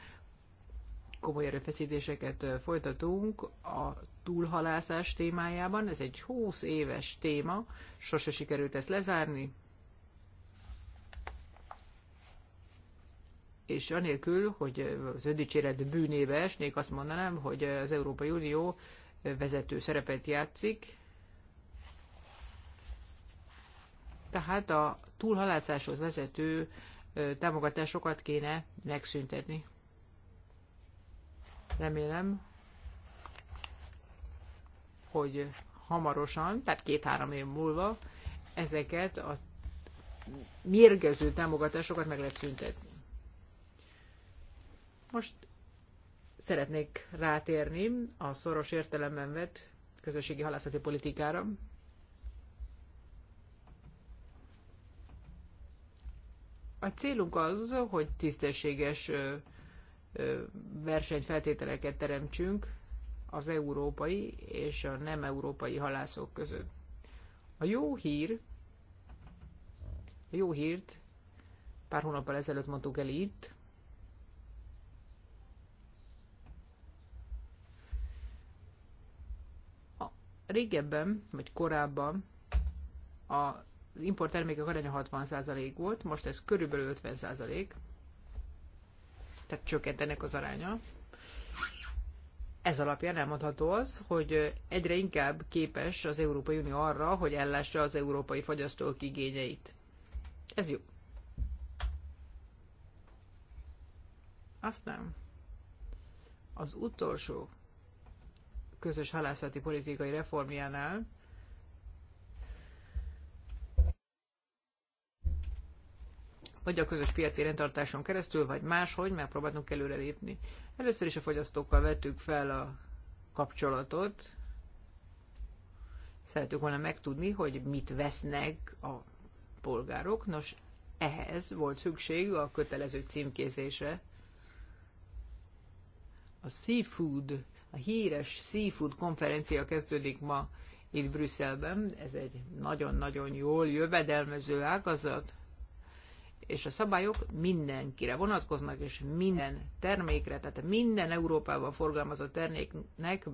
komoly erőfeszítéseket folytatunk a túlhalászás témájában. Ez egy 20 éves téma, sose sikerült ezt lezárni. És anélkül, hogy az ödicséret bűnébe esnék, azt mondanám, hogy az Európai Unió vezető szerepet játszik. Tehát a túlhalászáshoz vezető támogatásokat kéne megszüntetni. Remélem, hogy hamarosan, tehát két-három év múlva ezeket a mérgező támogatásokat meg lehet szüntetni. Most szeretnék rátérni a szoros értelemben vett közösségi halászati politikára. A célunk az, hogy tisztességes versenyfeltételeket teremtsünk az európai és a nem európai halászok között. A jó hír, a jó hírt pár hónappal ezelőtt mondtuk el itt, a régebben, vagy korábban a az importtermékek aránya 60% volt, most ez körülbelül 50%, tehát csökkent ennek az aránya ez alapján elmondható az, hogy egyre inkább képes az Európai Unió arra, hogy ellássa az európai fogyasztók igényeit. Ez jó. Aztán az utolsó közös halászati politikai reformjánál vagy a közös piaci rendtartáson keresztül, vagy máshogy megpróbáltunk előrelépni. Először is a fogyasztókkal vettük fel a kapcsolatot. Szeretük volna megtudni, hogy mit vesznek a polgárok. Nos, ehhez volt szükség a kötelező címkézése. A Seafood, a híres Seafood konferencia kezdődik ma itt Brüsszelben. Ez egy nagyon-nagyon jól jövedelmező ágazat és a szabályok mindenkire vonatkoznak, és minden termékre, tehát minden Európában forgalmazott terméknek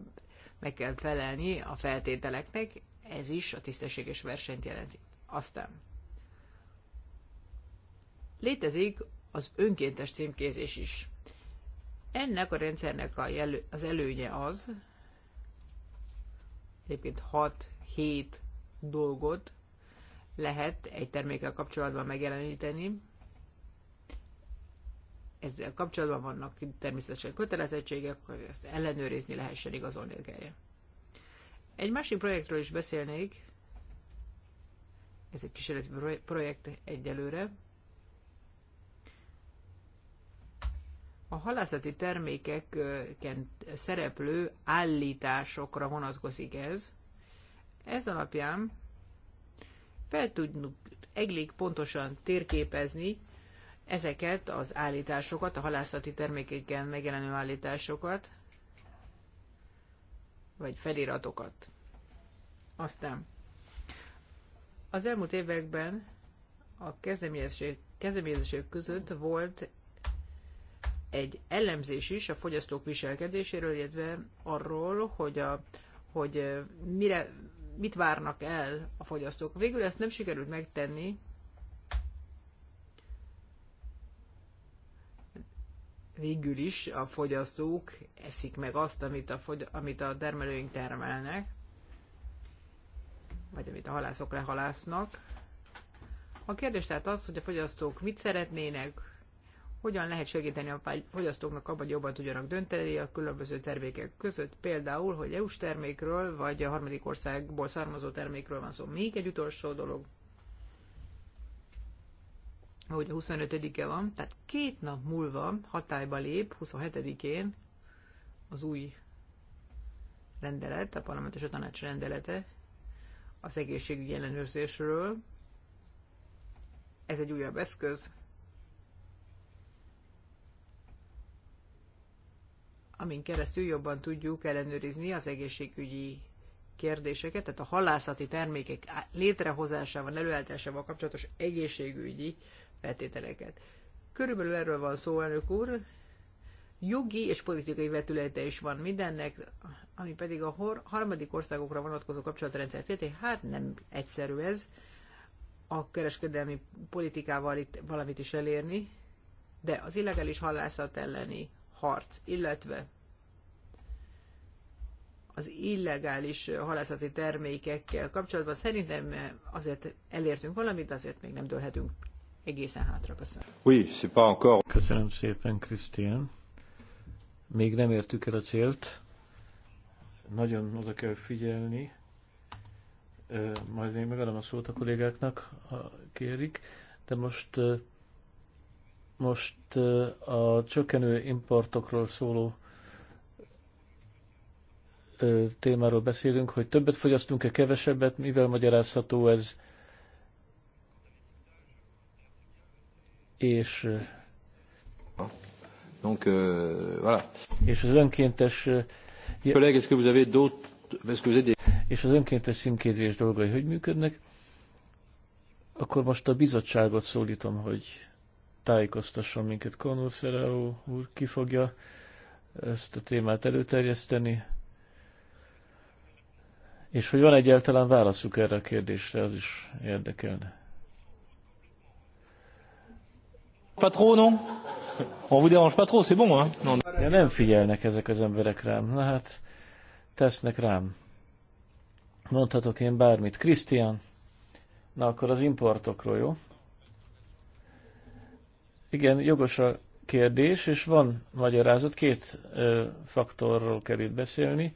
meg kell felelni a feltételeknek, ez is a tisztességes versenyt jelenti. Aztán létezik az önkéntes címkézés is. Ennek a rendszernek a jelő, az előnye az, egyébként 6-7 dolgot lehet egy termékkel kapcsolatban megjeleníteni. Ezzel kapcsolatban vannak természetesen kötelezettségek, hogy ezt ellenőrizni lehessen, igazolni kelljen. Egy másik projektről is beszélnék, ez egy kísérleti projekt egyelőre. A halászati termékeken szereplő állításokra vonatkozik ez. Ez alapján fel tudjuk elég pontosan térképezni ezeket az állításokat, a halászati termékeken megjelenő állításokat, vagy feliratokat. Aztán az elmúlt években a kezdeményezések, kezdeményezések között volt egy elemzés is a fogyasztók viselkedéséről, illetve arról, hogy, a, hogy mire, mit várnak el a fogyasztók. Végül ezt nem sikerült megtenni. Végül is a fogyasztók eszik meg azt, amit a, fogy- amit a termelőink termelnek, vagy amit a halászok lehalásznak. A kérdés tehát az, hogy a fogyasztók mit szeretnének, hogyan lehet segíteni a fogyasztóknak abban, hogy jobban tudjanak dönteni a különböző termékek között, például, hogy EU-s termékről, vagy a harmadik országból származó termékről van szó. Még egy utolsó dolog, hogy a 25-e van, tehát két nap múlva hatályba lép, 27-én az új rendelet, a parlament és a tanács rendelete az egészségügyi ellenőrzésről. Ez egy újabb eszköz, amin keresztül jobban tudjuk ellenőrizni az egészségügyi kérdéseket, tehát a halászati termékek létrehozásával, előállításával kapcsolatos egészségügyi feltételeket. Körülbelül erről van szó, elnök úr. Jogi és politikai vetülete is van mindennek, ami pedig a harmadik országokra vonatkozó kapcsolatrendszer félté, hát nem egyszerű ez a kereskedelmi politikával itt valamit is elérni, de az illegális halászat elleni harc, illetve az illegális halászati termékekkel kapcsolatban. Szerintem azért elértünk valamit, azért még nem dőlhetünk egészen hátra. Köszönöm. Oui, c'est pas encore. Köszönöm szépen, Krisztián. Még nem értük el a célt. Nagyon oda kell figyelni. Majd én megadom a szót a kollégáknak, ha kérik. De most most a csökkenő importokról szóló témáról beszélünk, hogy többet fogyasztunk-e, kevesebbet, mivel magyarázható ez, és Donc, euh, voilà. És az önkéntes... Collègues, est-ce que vous avez d'autres... que vous avez des... És az önkéntes színkézés dolgai hogy működnek? Akkor most a bizottságot szólítom, hogy tájékoztasson minket. Konul Szereó úr ki fogja ezt a témát előterjeszteni. És hogy van egyáltalán válaszuk erre a kérdésre, az is érdekelne. Pas trop, non? On vous dérange pas trop, c'est bon, hein? Non. Ja, nem figyelnek ezek az emberek rám. Na hát, tesznek rám. Mondhatok én bármit. Krisztián, na akkor az importokról, jó? Igen, jogos a kérdés, és van magyarázat. Két ö, faktorról kell itt beszélni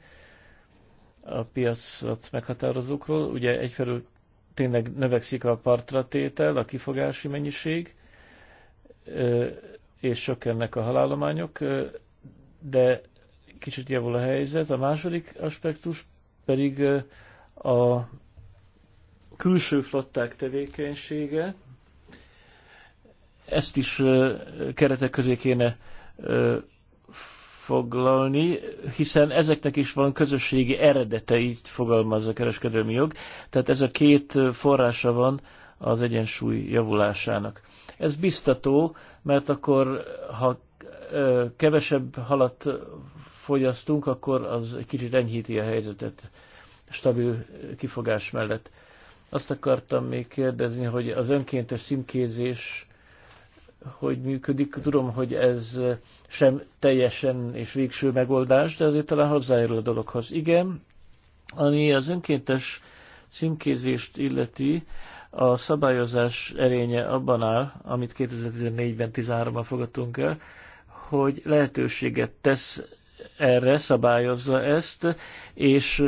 a piacot meghatározókról. Ugye egyfelől tényleg növekszik a partra tétel, a kifogási mennyiség, és sok ennek a halálományok, de kicsit javul a helyzet. A második aspektus pedig a külső flották tevékenysége. Ezt is keretek közé kéne Foglalni, hiszen ezeknek is van közösségi eredete, így fogalmazza a kereskedelmi jog. Tehát ez a két forrása van az egyensúly javulásának. Ez biztató, mert akkor, ha kevesebb halat fogyasztunk, akkor az egy kicsit enyhíti a helyzetet stabil kifogás mellett. Azt akartam még kérdezni, hogy az önkéntes szimkézés hogy működik. Tudom, hogy ez sem teljesen és végső megoldás, de azért talán hozzájárul a dologhoz. Igen, ami az önkéntes címkézést illeti, a szabályozás erénye abban áll, amit 2014-ben, 13-ban fogadtunk el, hogy lehetőséget tesz erre, szabályozza ezt, és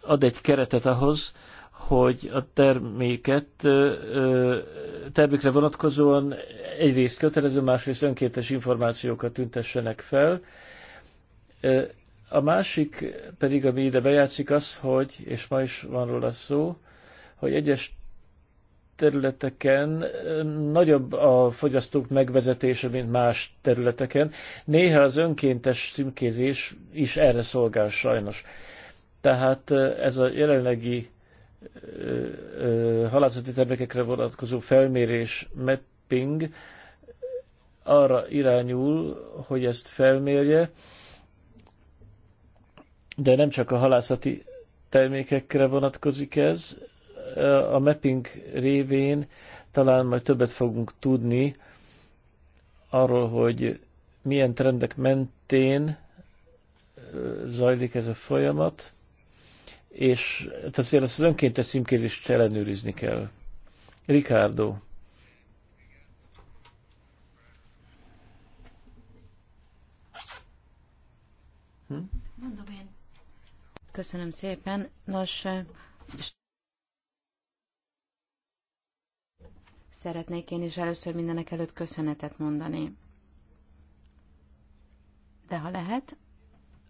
ad egy keretet ahhoz, hogy a terméket termékre vonatkozóan egyrészt kötelező, másrészt önkéntes információkat tüntessenek fel. A másik pedig, ami ide bejátszik az, hogy, és ma is van róla szó, hogy egyes területeken nagyobb a fogyasztók megvezetése, mint más területeken. Néha az önkéntes címkézés is erre szolgál sajnos. Tehát ez a jelenlegi halászati termékekre vonatkozó felmérés mapping arra irányul, hogy ezt felmérje, de nem csak a halászati termékekre vonatkozik ez. A mapping révén talán majd többet fogunk tudni arról, hogy milyen trendek mentén zajlik ez a folyamat, és tehát azért ezt az önkéntes címkézést ellenőrizni kell. Ricardo. Hm? Mondom én. Köszönöm szépen. Nos, szeretnék én is először mindenek előtt köszönetet mondani. De ha lehet,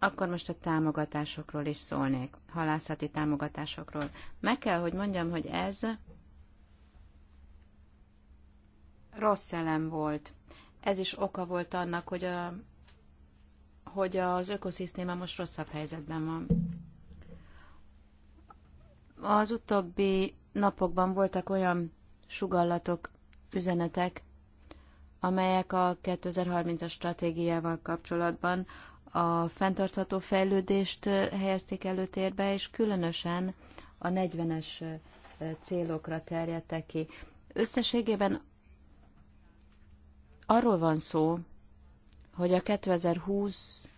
akkor most a támogatásokról is szólnék, halászati támogatásokról. Meg kell, hogy mondjam, hogy ez rossz elem volt. Ez is oka volt annak, hogy, a, hogy az ökoszisztéma most rosszabb helyzetben van. Az utóbbi napokban voltak olyan sugallatok, üzenetek, amelyek a 2030-as stratégiával kapcsolatban a fenntartható fejlődést helyezték előtérbe, és különösen a 40-es célokra terjedtek ki. Összességében arról van szó, hogy a 2020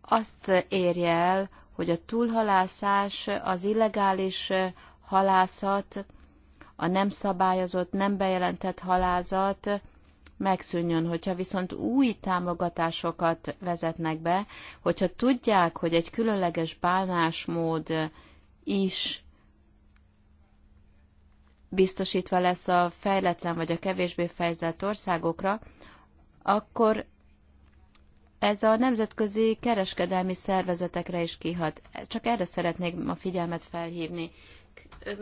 azt érje el, hogy a túlhalászás, az illegális halászat, a nem szabályozott, nem bejelentett halázat megszűnjön. Hogyha viszont új támogatásokat vezetnek be, hogyha tudják, hogy egy különleges bánásmód is biztosítva lesz a fejletlen vagy a kevésbé fejlett országokra, akkor ez a nemzetközi kereskedelmi szervezetekre is kihat. Csak erre szeretnék a figyelmet felhívni.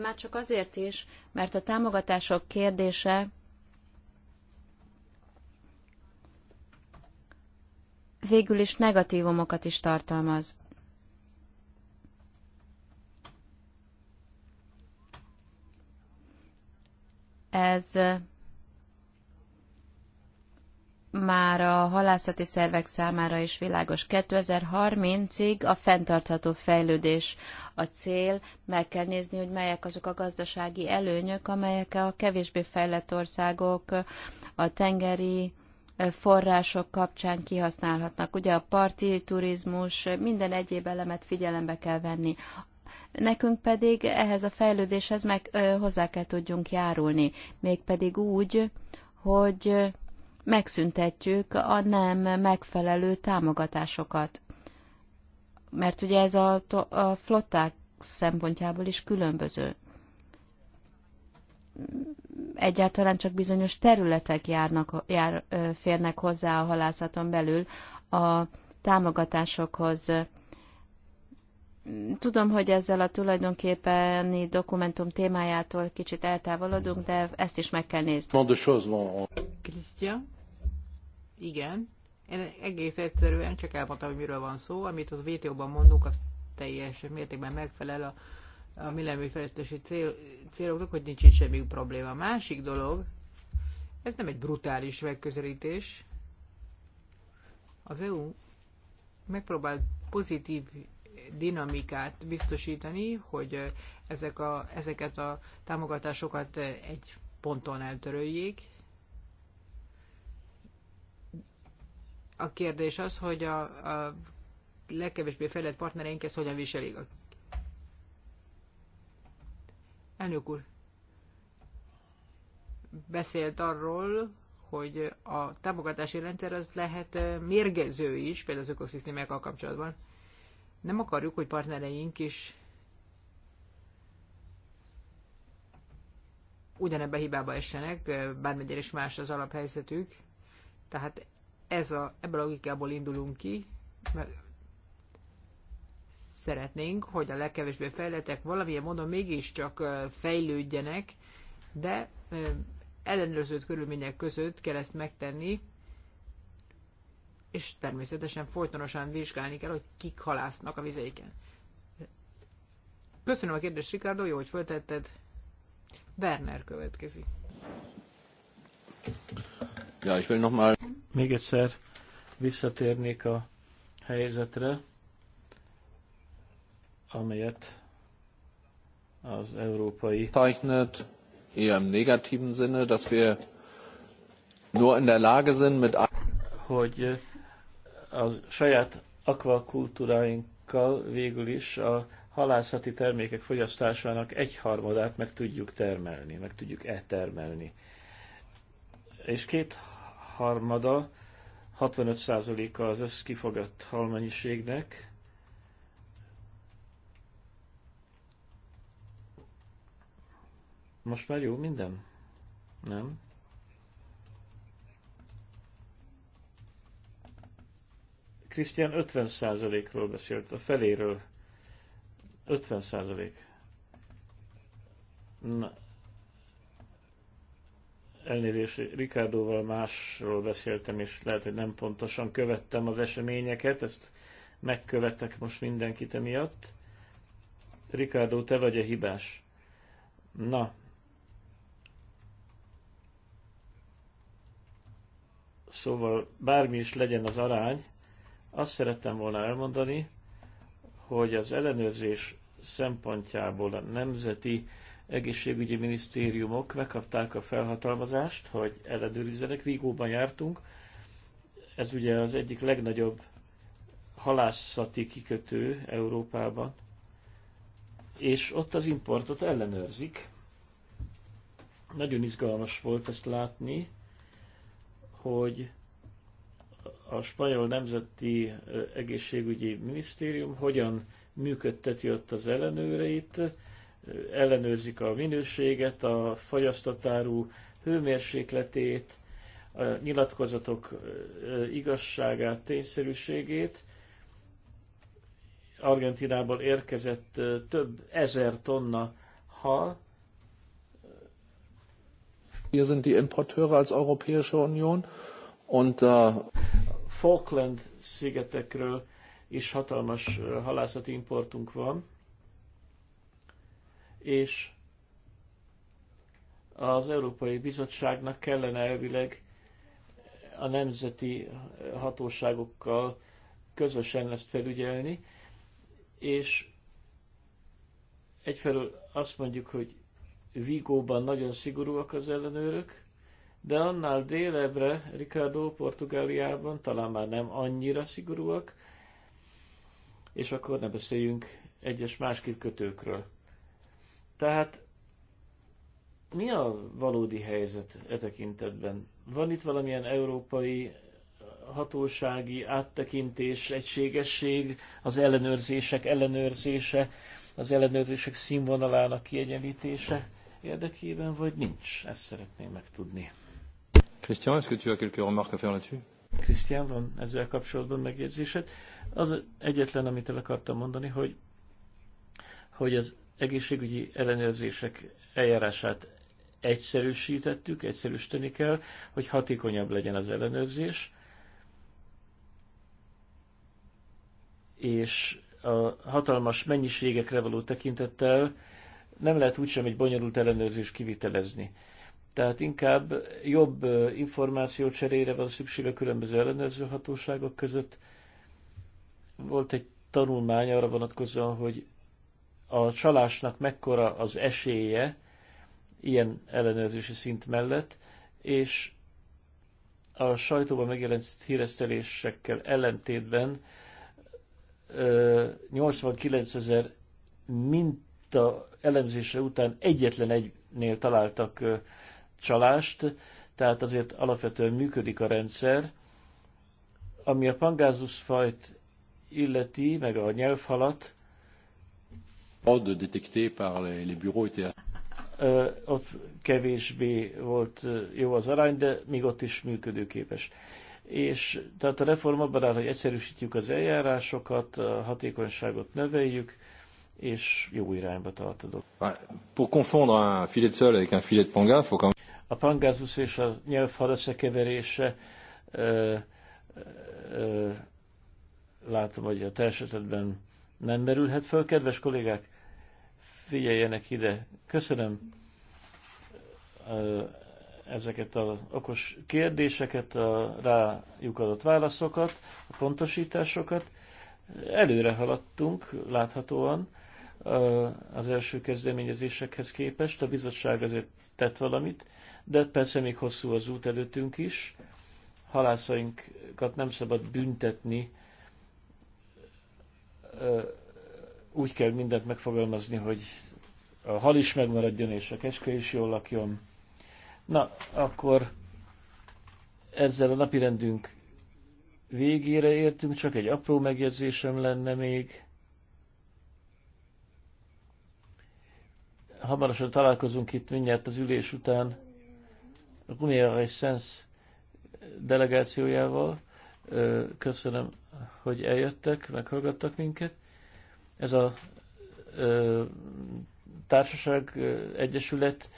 Már csak azért is, mert a támogatások kérdése végül is negatívumokat is tartalmaz. Ez eh, már a halászati szervek számára is világos. 2030-ig a fenntartható fejlődés a cél. Meg kell nézni, hogy melyek azok a gazdasági előnyök, amelyek a kevésbé fejlett országok, a tengeri források kapcsán kihasználhatnak. Ugye a parti turizmus, minden egyéb elemet figyelembe kell venni. Nekünk pedig ehhez a fejlődéshez meg ö, hozzá kell tudjunk járulni, mégpedig úgy, hogy megszüntetjük a nem megfelelő támogatásokat. Mert ugye ez a, a flották szempontjából is különböző egyáltalán csak bizonyos területek járnak, jár, férnek hozzá a halászaton belül a támogatásokhoz. Tudom, hogy ezzel a tulajdonképeni dokumentum témájától kicsit eltávolodunk, de ezt is meg kell nézni. Krisztia? Igen. Én egész egyszerűen csak elmondtam, hogy miről van szó. Amit az VTO-ban mondunk, az teljes mértékben megfelel a a fejlesztési cél, céloknak, hogy nincs itt semmi probléma. A másik dolog, ez nem egy brutális megközelítés. Az EU megpróbál pozitív dinamikát biztosítani, hogy ezek a, ezeket a támogatásokat egy ponton eltöröljék. A kérdés az, hogy a, a legkevésbé fejlett partnereink ezt hogyan viselik. A Elnök úr, beszélt arról, hogy a támogatási rendszer az lehet mérgező is, például az ökoszisztémákkal kapcsolatban. Nem akarjuk, hogy partnereink is ugyanebben hibába essenek, bármennyire is más az alaphelyzetük. Tehát ez a, ebből a logikából indulunk ki, mert szeretnénk, hogy a legkevésbé fejletek valamilyen módon mégiscsak fejlődjenek, de ellenőrzött körülmények között kell ezt megtenni, és természetesen folytonosan vizsgálni kell, hogy kik halásznak a vizeiken. Köszönöm a kérdést, Ricardo, jó, hogy föltetted. Werner következik. Ja, ich will noch mal... Még egyszer visszatérnék a helyzetre amelyet az európai zeichnet, eher im negativen Sinne, dass wir nur in der Lage sind, mit hogy az saját akvakultúráinkkal végül is a halászati termékek fogyasztásának egyharmadát meg tudjuk termelni, meg tudjuk eltermelni. termelni És két harmada, 65%-a az összkifogott halmennyiségnek Most már jó minden? Nem? Krisztián 50%-ról beszélt, a feléről. 50%. Na. Elnézést, Rikárdóval másról beszéltem, és lehet, hogy nem pontosan követtem az eseményeket, ezt megkövetek most mindenkit emiatt. Rikárdó, te vagy a hibás. Na, Szóval bármi is legyen az arány, azt szerettem volna elmondani, hogy az ellenőrzés szempontjából a nemzeti egészségügyi minisztériumok megkapták a felhatalmazást, hogy ellenőrizzenek. Vígóban jártunk. Ez ugye az egyik legnagyobb halászati kikötő Európában, és ott az importot ellenőrzik. Nagyon izgalmas volt ezt látni, hogy a spanyol nemzeti egészségügyi minisztérium hogyan működteti ott az ellenőreit, ellenőrzik a minőséget, a fagyasztatárú hőmérsékletét, a nyilatkozatok igazságát, tényszerűségét. Argentinából érkezett több ezer tonna hal, Wir sind die Importeure als Europäische Union. Und äh, Falkland-szigetekről is hatalmas halászati importunk van, és az Európai Bizottságnak kellene elvileg a nemzeti hatóságokkal közösen ezt felügyelni, és egyfelől azt mondjuk, hogy Vigóban nagyon szigorúak az ellenőrök, de annál délebre, Ricardo Portugáliában talán már nem annyira szigorúak, és akkor ne beszéljünk egyes más kötőkről. Tehát mi a valódi helyzet e tekintetben? Van itt valamilyen európai hatósági áttekintés, egységesség, az ellenőrzések ellenőrzése, az ellenőrzések színvonalának kiegyenlítése? érdekében, vagy nincs? Ezt szeretném megtudni. Christian, est-ce que tu as quelques remarques à faire là-dessus? van ezzel kapcsolatban megjegyzésed. Az egyetlen, amit el akartam mondani, hogy, hogy az egészségügyi ellenőrzések eljárását egyszerűsítettük, egyszerűsíteni kell, hogy hatékonyabb legyen az ellenőrzés, és a hatalmas mennyiségekre való tekintettel nem lehet úgysem egy bonyolult ellenőrzés kivitelezni. Tehát inkább jobb információ cserére van szükség a különböző ellenőrző hatóságok között. Volt egy tanulmány arra vonatkozóan, hogy a csalásnak mekkora az esélye ilyen ellenőrzési szint mellett, és a sajtóban megjelent híresztelésekkel ellentétben 89 ezer mint a elemzése után egyetlen egynél találtak csalást, tehát azért alapvetően működik a rendszer. Ami a pangázus fajt illeti, meg a nyelvhalat, ott kevésbé volt jó az arány, de még ott is működőképes. És tehát a reform abban áll, hogy egyszerűsítjük az eljárásokat, a hatékonyságot növeljük, és jó irányba tartodok. Pour confondre A pangázus és a nyelvhal összekeverése ö, ö, látom, hogy a te esetedben nem merülhet föl. Kedves kollégák, figyeljenek ide. Köszönöm ezeket az okos kérdéseket, a rájuk adott válaszokat, a pontosításokat. Előre haladtunk láthatóan az első kezdeményezésekhez képest. A bizottság azért tett valamit, de persze még hosszú az út előttünk is. Halászainkat nem szabad büntetni, úgy kell mindent megfogalmazni, hogy a hal is megmaradjon, és a keske is jól lakjon. Na, akkor ezzel a napirendünk végére értünk, csak egy apró megjegyzésem lenne még. hamarosan találkozunk itt mindjárt az ülés után Rumiera és Sens delegációjával. Köszönöm, hogy eljöttek, meghallgattak minket. Ez a társaság egyesület,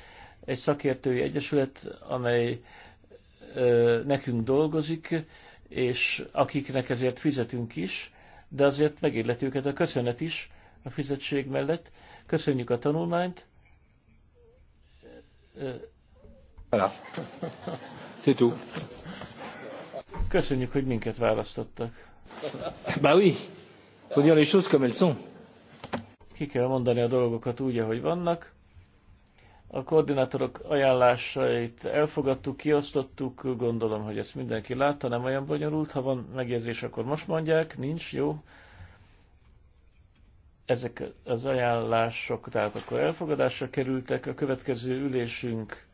egy szakértői egyesület, amely nekünk dolgozik, és akiknek ezért fizetünk is, de azért megilleti őket a köszönet is a fizetség mellett. Köszönjük a tanulmányt, Köszönjük, hogy minket választottak. Bah oui, faut dire les choses comme elles sont. Ki kell mondani a dolgokat úgy, ahogy vannak. A koordinátorok ajánlásait elfogadtuk, kiosztottuk, gondolom, hogy ezt mindenki látta, nem olyan bonyolult. Ha van megjegyzés, akkor most mondják, nincs, jó. Ezek az ajánlások tehát akkor elfogadásra kerültek. A következő ülésünk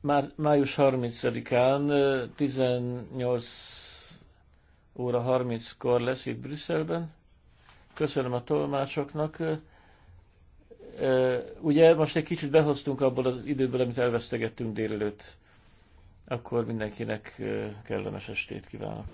már május 30-án 18 óra 30-kor lesz itt Brüsszelben. Köszönöm a tolmácsoknak. Ugye most egy kicsit behoztunk abból az időből, amit elvesztegettünk délelőtt akkor mindenkinek kellemes estét kívánok.